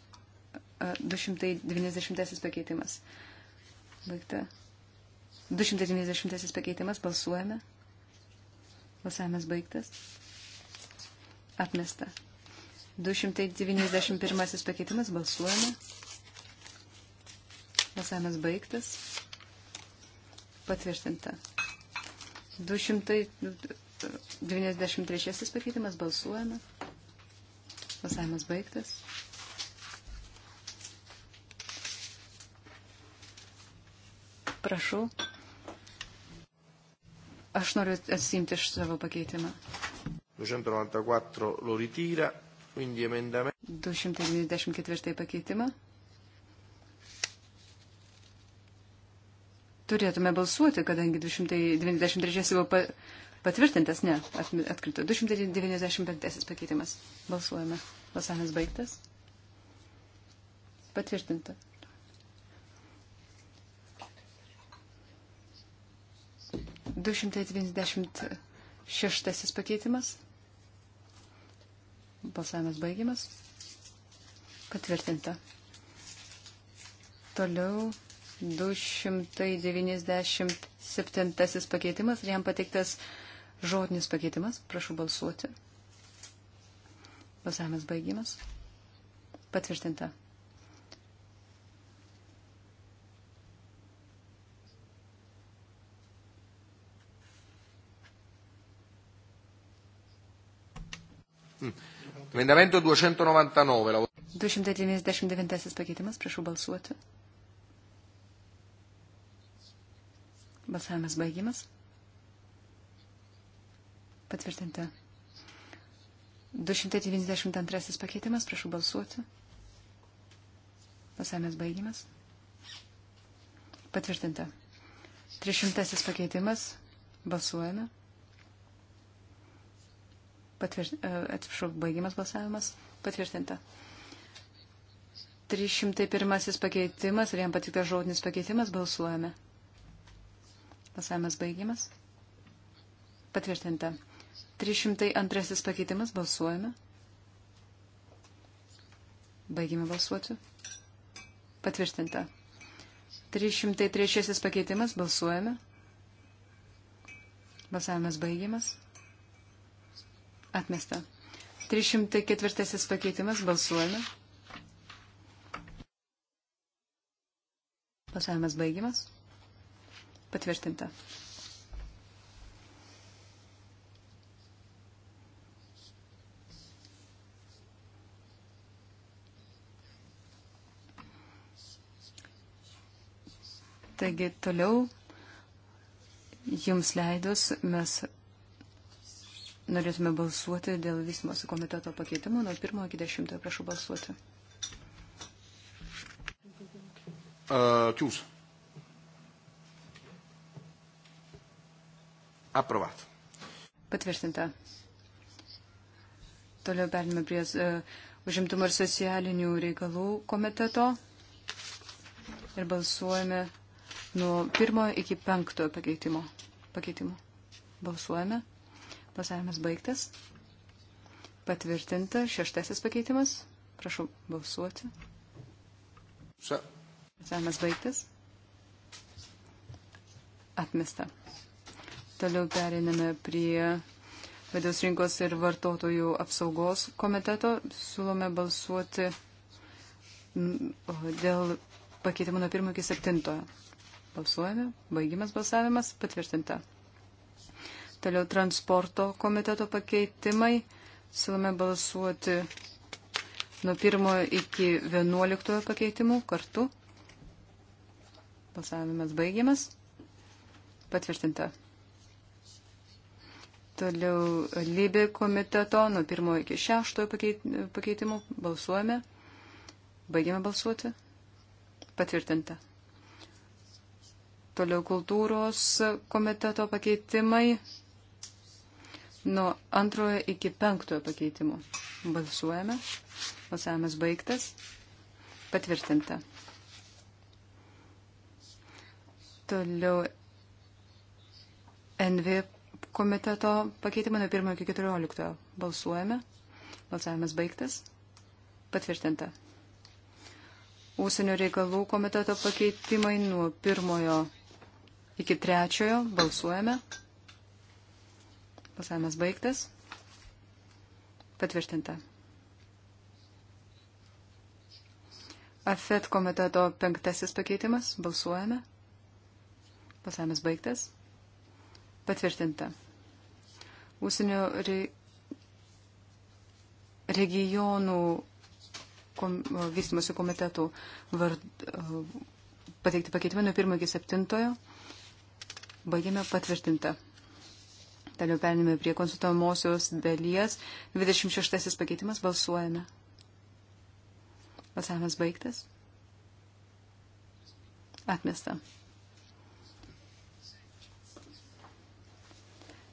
290 pakeitimas. Baigta. 290 pakeitimas. Balsuojame. Balsavimas baigtas. Atmesta. 291 pakeitimas. Balsuojame. Balsavimas baigtas. Patvirtinta. 293 pakeitimas balsuojame. Balsavimas baigtas. Prašau. Aš noriu atsimti iš savo pakeitimą. 294 lo ritira, quindi emendamento. 294 pakeitimą. turėtume balsuoti, kadangi 293 buvo patvirtintas, ne, atkrito. 295 pakeitimas. Balsuojame. Balsavimas baigtas. Patvirtinta. Du šimtai devyniasdešimt šeštasis pakeitimas. Balsavimas baigiamas. Patvirtinta. Toliau 297 pakeitimas ir jam pateiktas žodinis pakeitimas. Prašau balsuoti. Balsavimas baigimas. Patvirtinta. Emendamento 299. 299 pakeitimas, prašau balsuoti. Balsavimas baigimas. Patvirtinta. 292 pakeitimas, prašau balsuoti. Balsavimas baigimas. Patvirtinta. 300 pakeitimas, balsuojame. Patvirt, e, atsiprašau, baigimas balsavimas. Patvirtinta. 301 pakeitimas ir jam patiktas žodinis pakeitimas, balsuojame. Balsavimas baigiamas. Patvirtinta. 302 pakeitimas. Balsuojame. Baigime balsuoti. Patvirtinta. 303 pakeitimas. Balsuojame. Balsavimas baigiamas. Atmesta. 304 pakeitimas. Balsuojame. Balsavimas baigiamas. Patvirtinta. Taigi toliau jums leidus mes norėtume balsuoti dėl vystimosi komiteto pakeitimo nuo 1 iki 10. Prašau balsuoti. Uh, kius. Approvato. Patvirtinta. Toliau perėmė prie uh, užimtumo ir socialinių reikalų komiteto ir balsuojame nuo pirmo iki penktojo pakeitimo. pakeitimo. Balsuojame. Balsavimas baigtas. Patvirtinta šeštasis pakeitimas. Prašau balsuoti. Balsavimas baigtas. Atmesta. Toliau periname prie Vidaus rinkos ir vartotojų apsaugos komiteto. Siūlome balsuoti dėl pakeitimų nuo 1 iki 7. Balsuojame. Baigimas balsavimas. Patvirtinta. Toliau transporto komiteto pakeitimai. Siūlome balsuoti nuo 1 iki 11 pakeitimų kartu. Balsavimas baigiamas. Patvirtinta. Toliau Libė komiteto nuo pirmojo iki šeštojo pakeitimų. Balsuojame. Baigiame balsuoti. Patvirtinta. Toliau kultūros komiteto pakeitimai nuo antrojo iki penktojo pakeitimo. Balsuojame. Balsavimas baigtas. Patvirtinta. Toliau NV komiteto pakeitimą nuo 1 iki 14. Balsuojame. Balsavimas baigtas. Patvirtinta. Ūsienio reikalų komiteto pakeitimai nuo 1 iki 3. Balsuojame. Balsavimas baigtas. Patvirtinta. AFET komiteto penktasis pakeitimas. Balsuojame. Balsavimas baigtas. Patvirtinta. Užsienio re, regionų kom, vystimosi komitetų vard, pateikti pakeitimai nuo 1 iki 7. Baigėme patvirtinta. Toliau perėmėme prie konsultuojamosios dalies. 26 pakeitimas balsuojame. Balsavimas baigtas. Atmesta.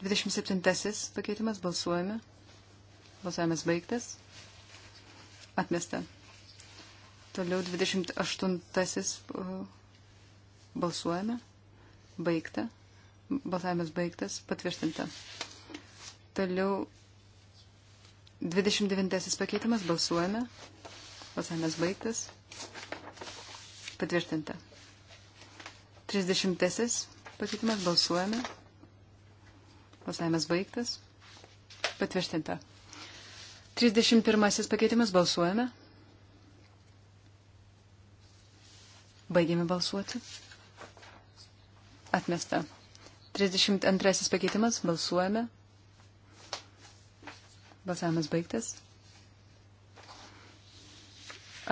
27 pakeitimas balsuojame. Balsavimas baigtas. Atmesta. Toliau 28 uh, balsuojame. Baigta. Balsavimas baigtas. Patvirtinta. Toliau 29 pakeitimas balsuojame. Balsavimas baigtas. Patvirtinta. 30 pakeitimas balsuojame. Balsavimas baigtas. Patvirtinta. 31 pakeitimas balsuojame. Baigėme balsuoti. Atmesta. 32 pakeitimas balsuojame. Balsavimas baigtas.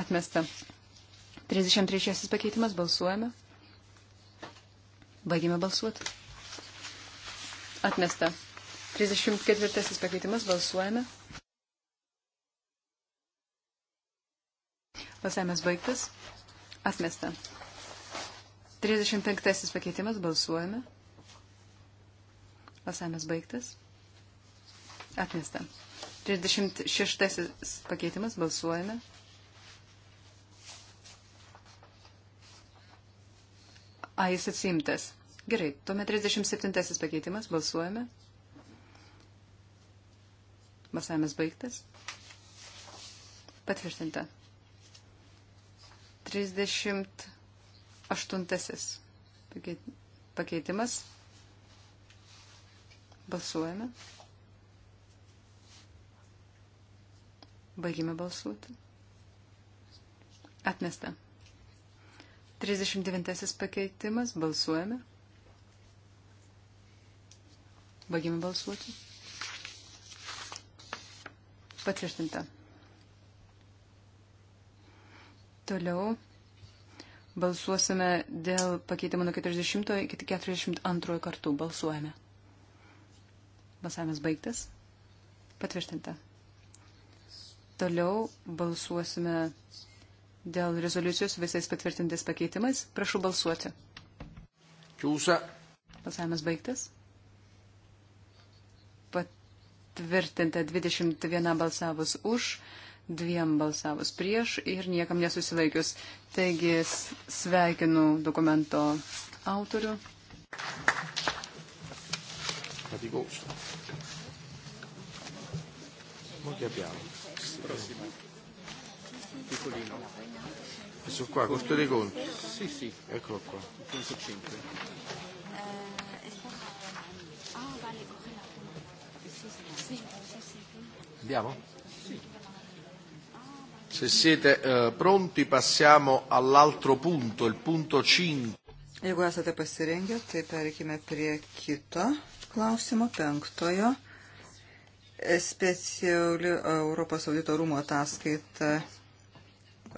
Atmesta. 33 pakeitimas balsuojame. Baigėme balsuoti. Atmesta. 34 pakeitimas. Balsuojame. Balsavimas baigtas. Atmesta. 35 pakeitimas. Balsuojame. Balsavimas baigtas. Atmesta. 36 pakeitimas. Balsuojame. A, jis atsimtas. Gerai, tuomet 37 pakeitimas, balsuojame. Balsavimas baigtas. Patvirtinta. 38 pakeitimas. Balsuojame. Baigime balsuoti. Atmesta. 39 pakeitimas. Balsuojame. Baigėme balsuoti. Patvirtinta. Toliau balsuosime dėl pakeitimo nuo 40 iki 42 kartų. Balsuojame. Balsavimas baigtas. Patvirtinta. Toliau balsuosime dėl rezoliucijos visais patvirtintais pakeitimais. Prašau balsuoti. Čiūsa. Balsavimas baigtas patvirtinta 21 balsavus už, dviem balsavus prieš ir niekam nesusilaikius. Taigi sveikinu dokumento autorių. Molti abbiamo. Prossimo. Piccolino. Questo qua, costo dei conti? Sì, sì. Eccolo qua. 105. Andiamo? Se siete eh, pronti passiamo all'altro punto, il punto 5. Jeigu esate pasirengę, tai perikime prie kito klausimo, penktojo. Speciali Europos audito rūmų ataskaita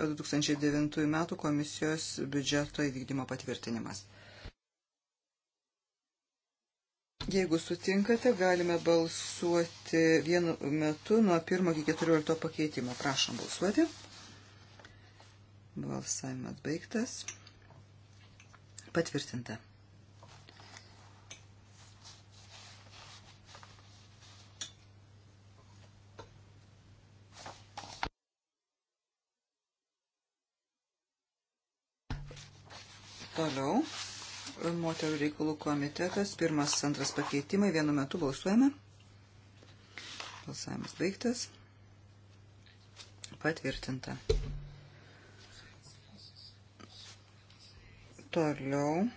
2009 metų komisijos biudžeto įvykdymo patvirtinimas. Jeigu sutinkate, galime balsuoti vienu metu nuo 1 iki 14 pakeitimo. Prašom balsuoti. Balsavimas baigtas. Patvirtinta. Toliau moterų reikalų komitetas, pirmas, antras pakeitimai, vienu metu balsuojame. Balsavimas baigtas. Patvirtinta. Toliau.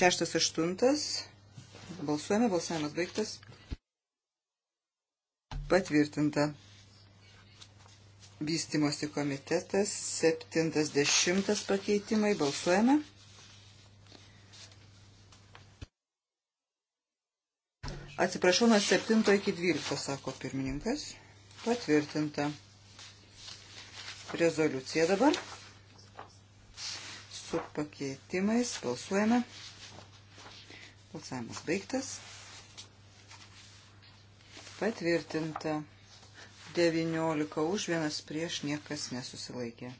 Šeštas, aštuntas. Balsuojame, balsavimas baigtas. Patvirtinta vystimosi komitetas, 70 pakeitimai, balsuojame. Atsiprašau, nuo 7 iki 12, sako pirmininkas. Patvirtinta. Rezoliucija dabar. Su pakeitimais balsuojame. Balsavimas baigtas. Patvirtinta. 19 už, vienas prieš, niekas nesusilaikė.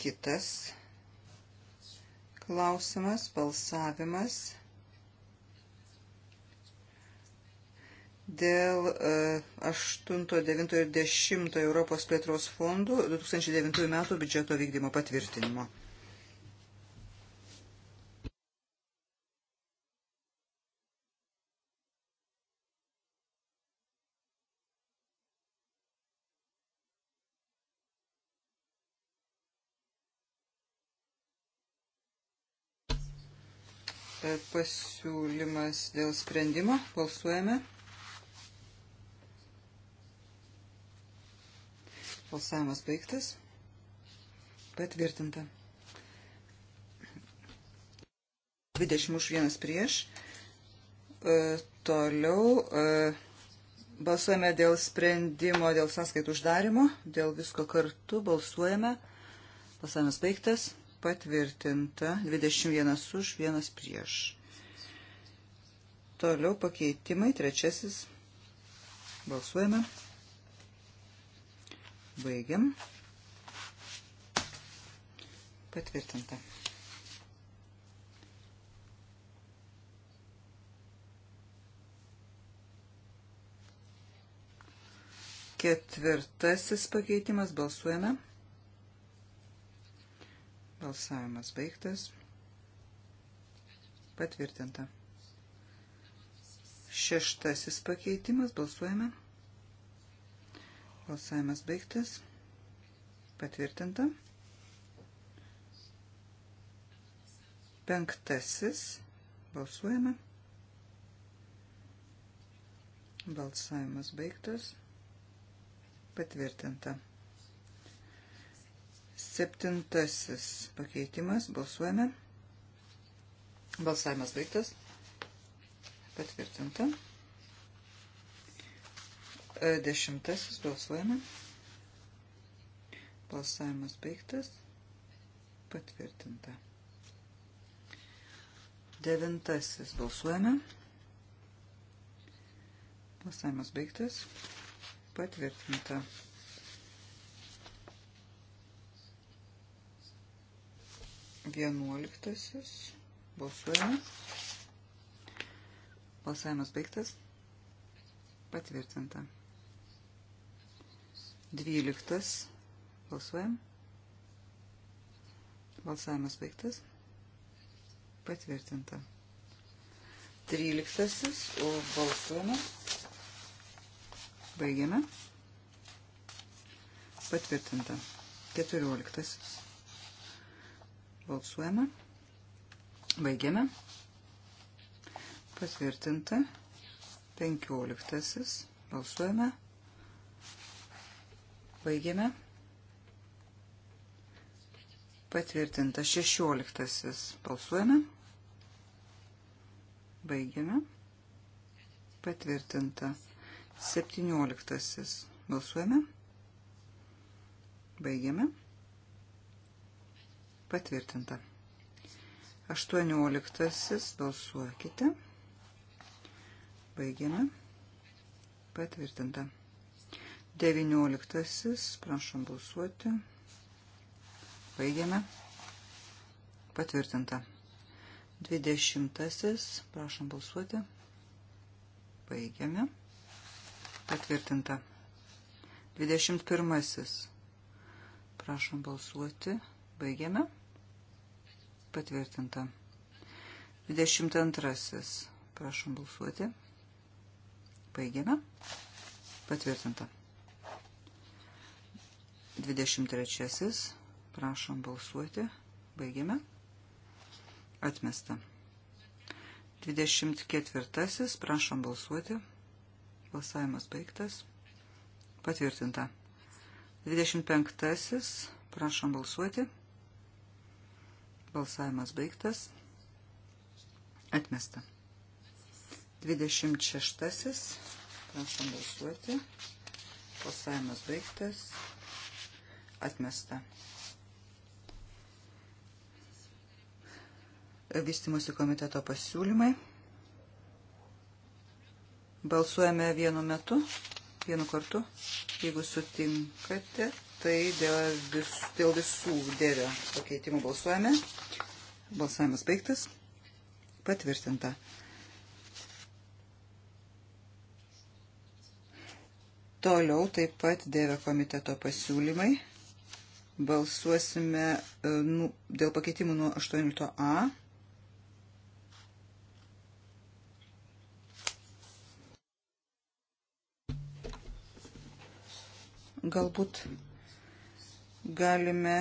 Kitas klausimas, balsavimas dėl 8, e, 9 ir 10 Europos plėtros fondų 2009 metų biudžeto vykdymo patvirtinimo. pasiūlymas dėl sprendimo. Balsuojame. Balsavimas baigtas. Patvirtinta. 20 už 1 prieš. E, toliau e, balsuojame dėl sprendimo, dėl sąskaitų uždarimo, dėl visko kartu balsuojame. Balsavimas baigtas. Patvirtinta. 21 už 1 prieš. Toliau pakeitimai, trečiasis. Balsuojame. Baigiam. Patvirtinta. Ketvirtasis pakeitimas. Balsuojame. Balsavimas baigtas. Patvirtinta. Šeštasis pakeitimas. Balsuojame. Balsavimas baigtas. Patvirtinta. Penktasis. Balsuojame. Balsavimas baigtas. Patvirtinta. Septintasis pakeitimas. Balsuojame. Balsavimas baigtas. Patvirtinta. E, dešimtasis balsuojame. Balsavimas baigtas. Patvirtinta. Devintasis balsuojame. Balsavimas baigtas. Patvirtinta. Vienuoliktasis. Balsuojame. Balsavimas baigtas. Patvirtinta. Dvyliktas. Balsuojam. Balsavimas baigtas. Patvirtinta. Tryliktasis. O balsuojame. Baigiame. Patvirtinta. Keturioliktasis. Balsuojame. Baigiame. Patvirtinta. Penkioliktasis. Balsuojame. Baigėme. Patvirtinta. Šešioliktasis. Balsuojame. Baigėme. Patvirtinta. Septynioliktasis. Balsuojame. Baigėme. Patvirtinta. Aštuonioliktasis. Balsuokite. Balsuokite. Baigiame. Patvirtinta. 19. Prašom balsuoti. Baigiame. Patvirtinta. 20. Prašom balsuoti. Baigiame. Patvirtinta. 21. Prašom balsuoti. Baigiame. Patvirtinta. 22. Prašom balsuoti. Baigiame. Patvirtinta. 23. Prašom balsuoti. Baigiame. Atmesta. 24. Prašom balsuoti. Balsavimas baigtas. Patvirtinta. 25. Prašom balsuoti. Balsavimas baigtas. Atmesta. 26. Prašom balsuoti. Balsavimas baigtas. Atmesta. Vystimosi komiteto pasiūlymai. Balsuojame vienu metu, vienu kartu. Jeigu sutinkate, tai dėl, vis, dėl visų dėvio pakeitimų balsuojame. Balsavimas baigtas. Patvirtinta. Toliau taip pat dėvė komiteto pasiūlymai. Balsuosime e, nu, dėl pakeitimų nuo 18a. Galbūt galime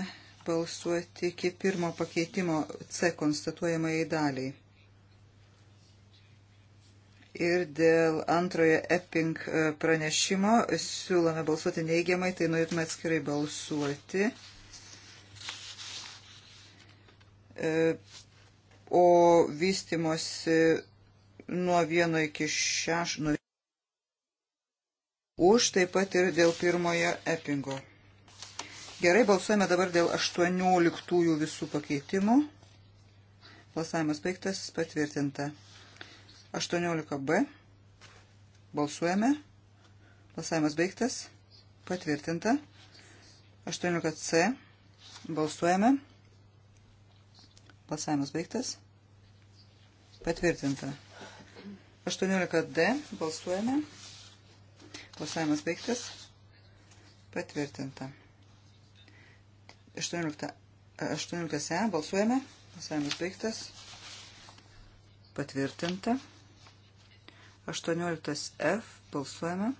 balsuoti iki pirmo pakeitimo C konstatuojamai daliai. Ir dėl antrojo Epping e, pranešimo siūlome balsuoti neigiamai, tai norėtume atskirai balsuoti. E, o vystimosi nuo vieno iki šešto. Nu, už taip pat ir dėl pirmojo Eppingo. Gerai, balsuojame dabar dėl 18 visų pakeitimų. Balsavimas baigtas, patvirtinta. 18b. Balsuojame. Balsavimas baigtas. Patvirtinta. 18c. Balsuojame. Balsavimas baigtas. Patvirtinta. 18d. Balsuojame. Balsavimas baigtas. Patvirtinta. 18, 18e. Balsuojame. Balsavimas baigtas. Patvirtinta. 18 F. Balsuojame.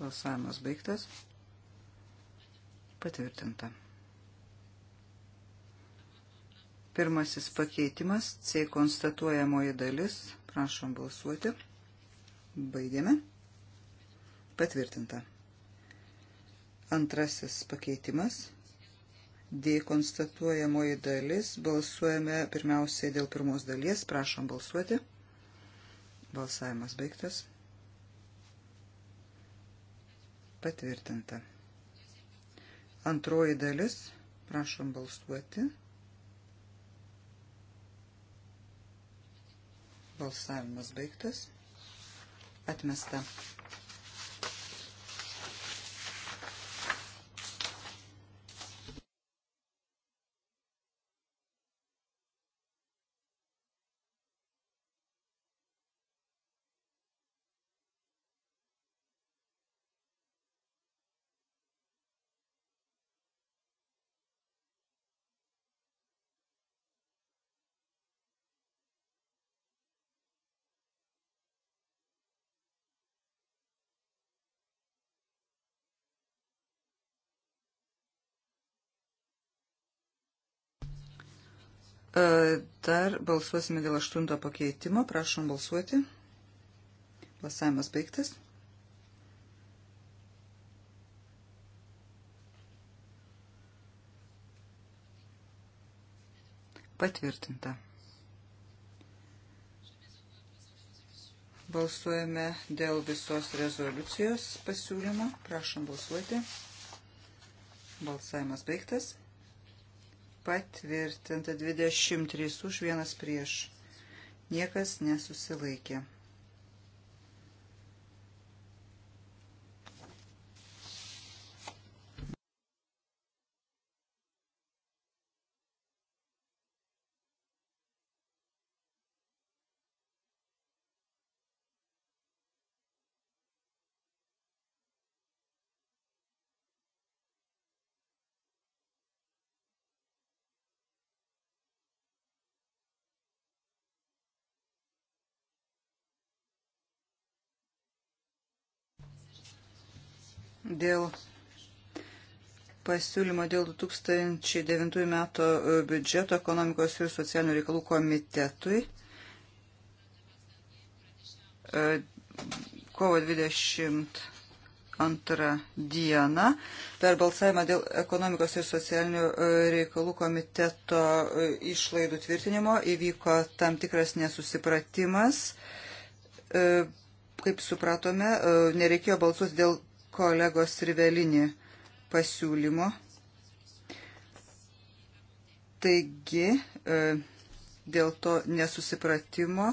Balsavimas baigtas. Patvirtinta. Pirmasis pakeitimas C konstatuojamoji dalis. Prašom balsuoti. Baigiame. Patvirtinta. Antrasis pakeitimas. D konstatuojamoji dalis. Balsuojame pirmiausiai dėl pirmos dalies. Prašom balsuoti. Balsuoti. Balsavimas baigtas. Patvirtinta. Antroji dalis. Prašom balsuoti. Balsavimas baigtas. Atmesta. E, dar balsuosime dėl aštunto pakeitimo. Prašom balsuoti. Balsavimas baigtas. Patvirtinta. Balsuojame dėl visos rezoliucijos pasiūlymo. Prašom balsuoti. Balsavimas baigtas patvirtinta 23 už vienas prieš. Niekas nesusilaikė. Dėl pasiūlymo dėl 2009 metų e, biudžeto ekonomikos ir socialinių reikalų komitetui e, kovo 22 dieną per balsavimą dėl ekonomikos ir socialinių e, reikalų komiteto išlaidų tvirtinimo įvyko tam tikras nesusipratimas. Kaip supratome, nereikėjo balsuoti dėl kolegos Rivelinį pasiūlymo. Taigi, e, dėl to nesusipratimo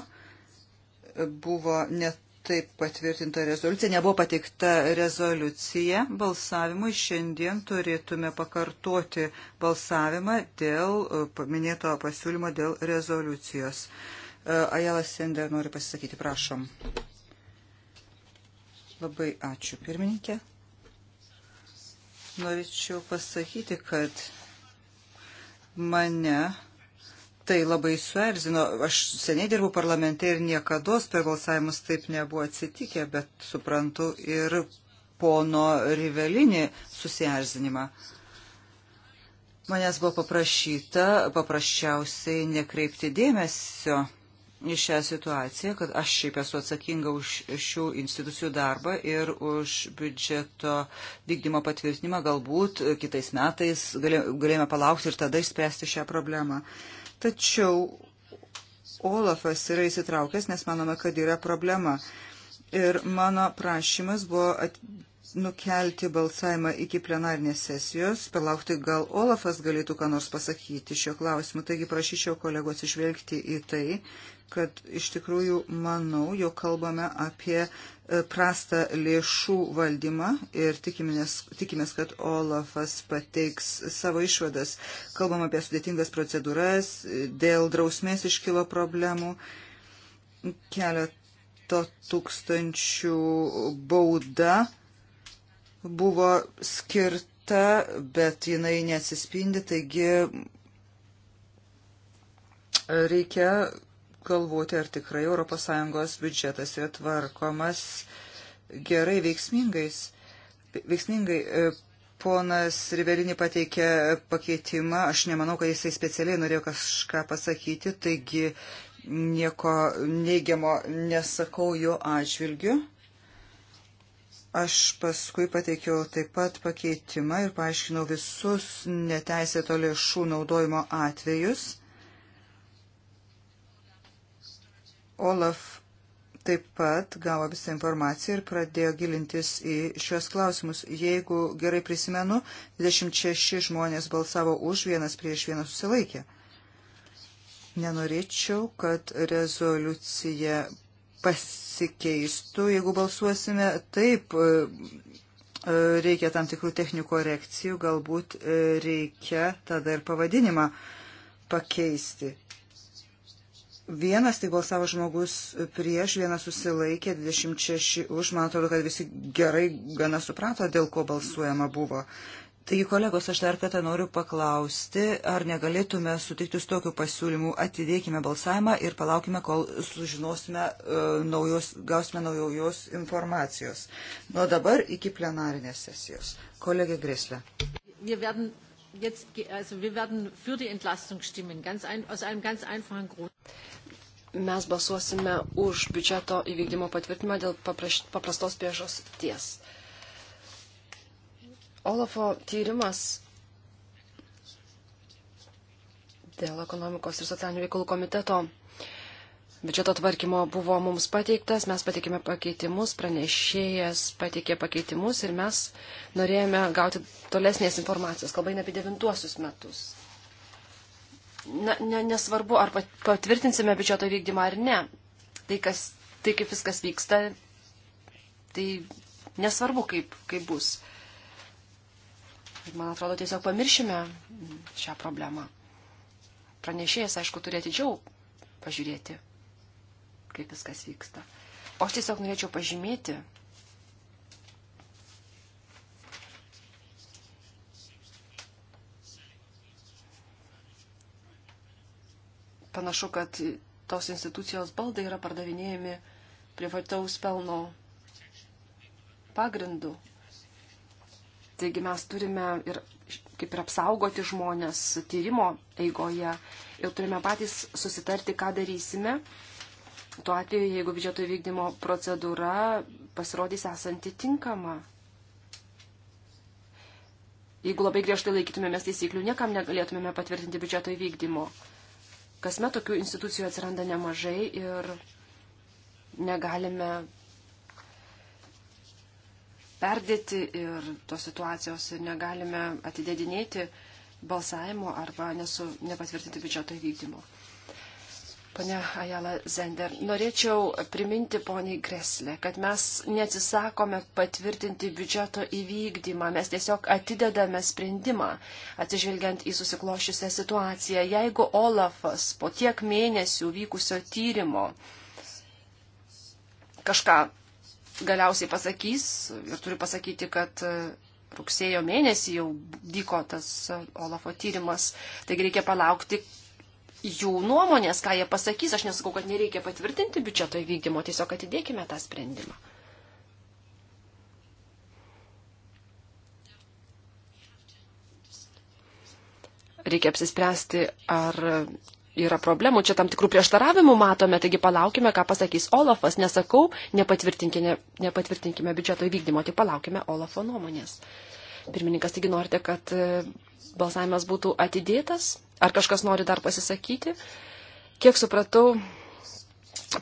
buvo netaip patvirtinta rezoliucija, nebuvo pateikta rezoliucija balsavimui. Šiandien turėtume pakartoti balsavimą dėl e, paminėto pasiūlymo dėl rezoliucijos. E, Ajalas Sender nori pasisakyti, prašom. Labai ačiū pirmininkė. Norėčiau pasakyti, kad mane tai labai suerzino. Aš seniai dirbu parlamente ir niekada per balsavimus taip nebuvo atsitikę, bet suprantu ir pono Rivelinį susierzinimą. Manęs buvo paprašyta paprasčiausiai nekreipti dėmesio į šią situaciją, kad aš šiaip esu atsakinga už šių institucijų darbą ir už biudžeto vykdymo patvirtinimą. Galbūt kitais metais galėjome palaukti ir tada išspręsti šią problemą. Tačiau Olafas yra įsitraukęs, nes manome, kad yra problema. Ir mano prašymas buvo nukelti balsavimą iki plenarnės sesijos, palaukti gal Olafas galėtų ką nors pasakyti šio klausimu. Taigi prašyčiau kolegos išvelgti į tai, kad iš tikrųjų manau, jau kalbame apie e, prastą lėšų valdymą ir tikimės, tikimės, kad Olafas pateiks savo išvadas. Kalbam apie sudėtingas procedūras, e, dėl drausmės iškilo problemų, keletą tūkstančių bauda buvo skirta, bet jinai neatsispindi, taigi reikia galvoti, ar tikrai ES biudžetas yra tvarkomas gerai veiksmingais. Veiksmingai e, ponas Rivelinį pateikė pakeitimą, aš nemanau, kad jisai specialiai norėjo kažką pasakyti, taigi nieko neigiamo nesakau jo atžvilgiu. Aš paskui pateikiau taip pat pakeitimą ir paaiškinau visus neteisėto lėšų naudojimo atvejus. Olaf taip pat gavo visą informaciją ir pradėjo gilintis į šios klausimus. Jeigu gerai prisimenu, 26 žmonės balsavo už, vienas prieš vieną susilaikė. Nenorėčiau, kad rezoliucija pasikeistų, jeigu balsuosime taip. E, e, reikia tam tikrų techninių korekcijų, galbūt e, reikia tada ir pavadinimą pakeisti. Vienas tik balsavo žmogus prieš, vienas susilaikė, 26 už. Man atrodo, kad visi gerai gana suprato, dėl ko balsuojama buvo. Taigi, kolegos, aš dar kartą noriu paklausti, ar negalėtume sutikti su tokiu pasiūlymu, atidėkime balsavimą ir palaukime, kol sužinosime uh, naujos, gausime naujos informacijos. Nuo dabar iki plenarinės sesijos. Kolegė Greslė. Jetzt, also wir werden für die Entlastung stimmen, ganz ein, aus einem ganz einfachen Grund mes balsuosime už biudžeto įvykdymo patvirtinimą dėl paprastos priežasties. Olafo tyrimas dėl ekonomikos ir socialinių reikalų komiteto biudžeto tvarkymo buvo mums pateiktas, mes pateikėme pakeitimus, pranešėjas pateikė pakeitimus ir mes norėjome gauti tolesnės informacijos, kalbai apie devintuosius metus. Na, ne, nesvarbu, ar patvirtinsime biudžeto vykdymą ar ne. Tai, kas, tai kaip viskas vyksta, tai nesvarbu, kaip, kaip bus. Ir man atrodo, tiesiog pamiršime šią problemą. Pranešėjas, aišku, turi atidžiau pažiūrėti, kaip viskas vyksta. O aš tiesiog norėčiau pažymėti, panašu, kad tos institucijos baldai yra pardavinėjami privataus pelno pagrindu. Taigi mes turime ir kaip ir apsaugoti žmonės tyrimo eigoje ir turime patys susitarti, ką darysime. Tuo atveju, jeigu biudžeto vykdymo procedūra pasirodys esanti tinkama. Jeigu labai griežtai laikytumėmės taisyklių, niekam negalėtumėme patvirtinti biudžeto įvykdymo. Kasmet tokių institucijų atsiranda nemažai ir negalime perdėti ir tos situacijos ir negalime atidėdinėti balsavimo arba nesu, nepatvirtinti biudžeto įvykdymo. Pane Ajala Zender, norėčiau priminti poniai Greslė, kad mes neatsisakome patvirtinti biudžeto įvykdymą, mes tiesiog atidedame sprendimą, atsižvelgiant į susiklošiusią situaciją. Jeigu Olafas po tiek mėnesių vykusio tyrimo kažką galiausiai pasakys ir turiu pasakyti, kad e, rugsėjo mėnesį jau vyko tas e, Olafo tyrimas, taigi reikia palaukti jų nuomonės, ką jie pasakys. Aš nesakau, kad nereikia patvirtinti biudžeto įvykdymo, tiesiog atidėkime tą sprendimą. Reikia apsispręsti, ar yra problemų, čia tam tikrų prieštaravimų matome, taigi palaukime, ką pasakys Olafas. Nesakau, nepatvirtinkime, nepatvirtinkime biudžeto įvykdymo, tik palaukime Olafo nuomonės. Pirmininkas, taigi norite, kad e, balsavimas būtų atidėtas? Ar kažkas nori dar pasisakyti? Kiek supratau,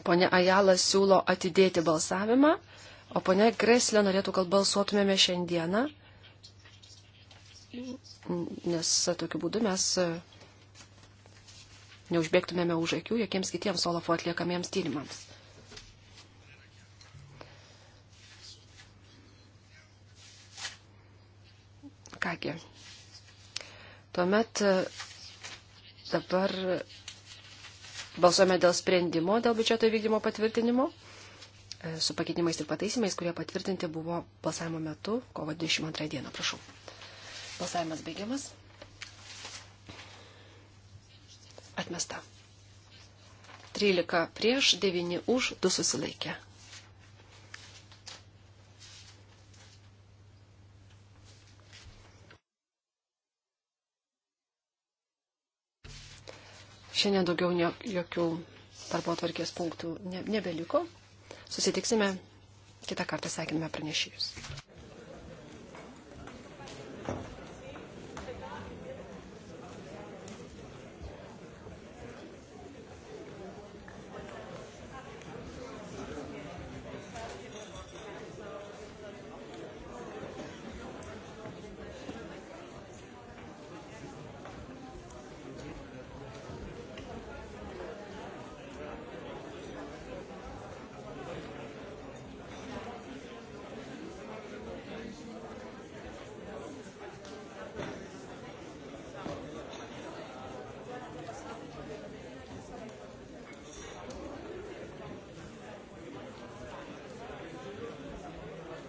ponia Ajala siūlo atidėti balsavimą, o ponia Greslė norėtų, kad balsuotumėme šiandieną, nes tokiu būdu mes e, neužbėgtumėme už akių jokiems kitiems Olafo atliekamiems tyrimams. Kągi. Tuomet e, dabar balsuojame dėl sprendimo, dėl biudžeto įvykdymo patvirtinimo e, su pakeitimais ir pataisimais, kurie patvirtinti buvo balsavimo metu kovo 22 dieną. Prašau. Balsavimas baigiamas. atmesta. 13 prieš, 9 už, 2 susilaikė. Šiandien daugiau ne, jokių darbo atvarkės punktų ne, nebeliko. Susitiksime kitą kartą, sveikiname pranešėjus.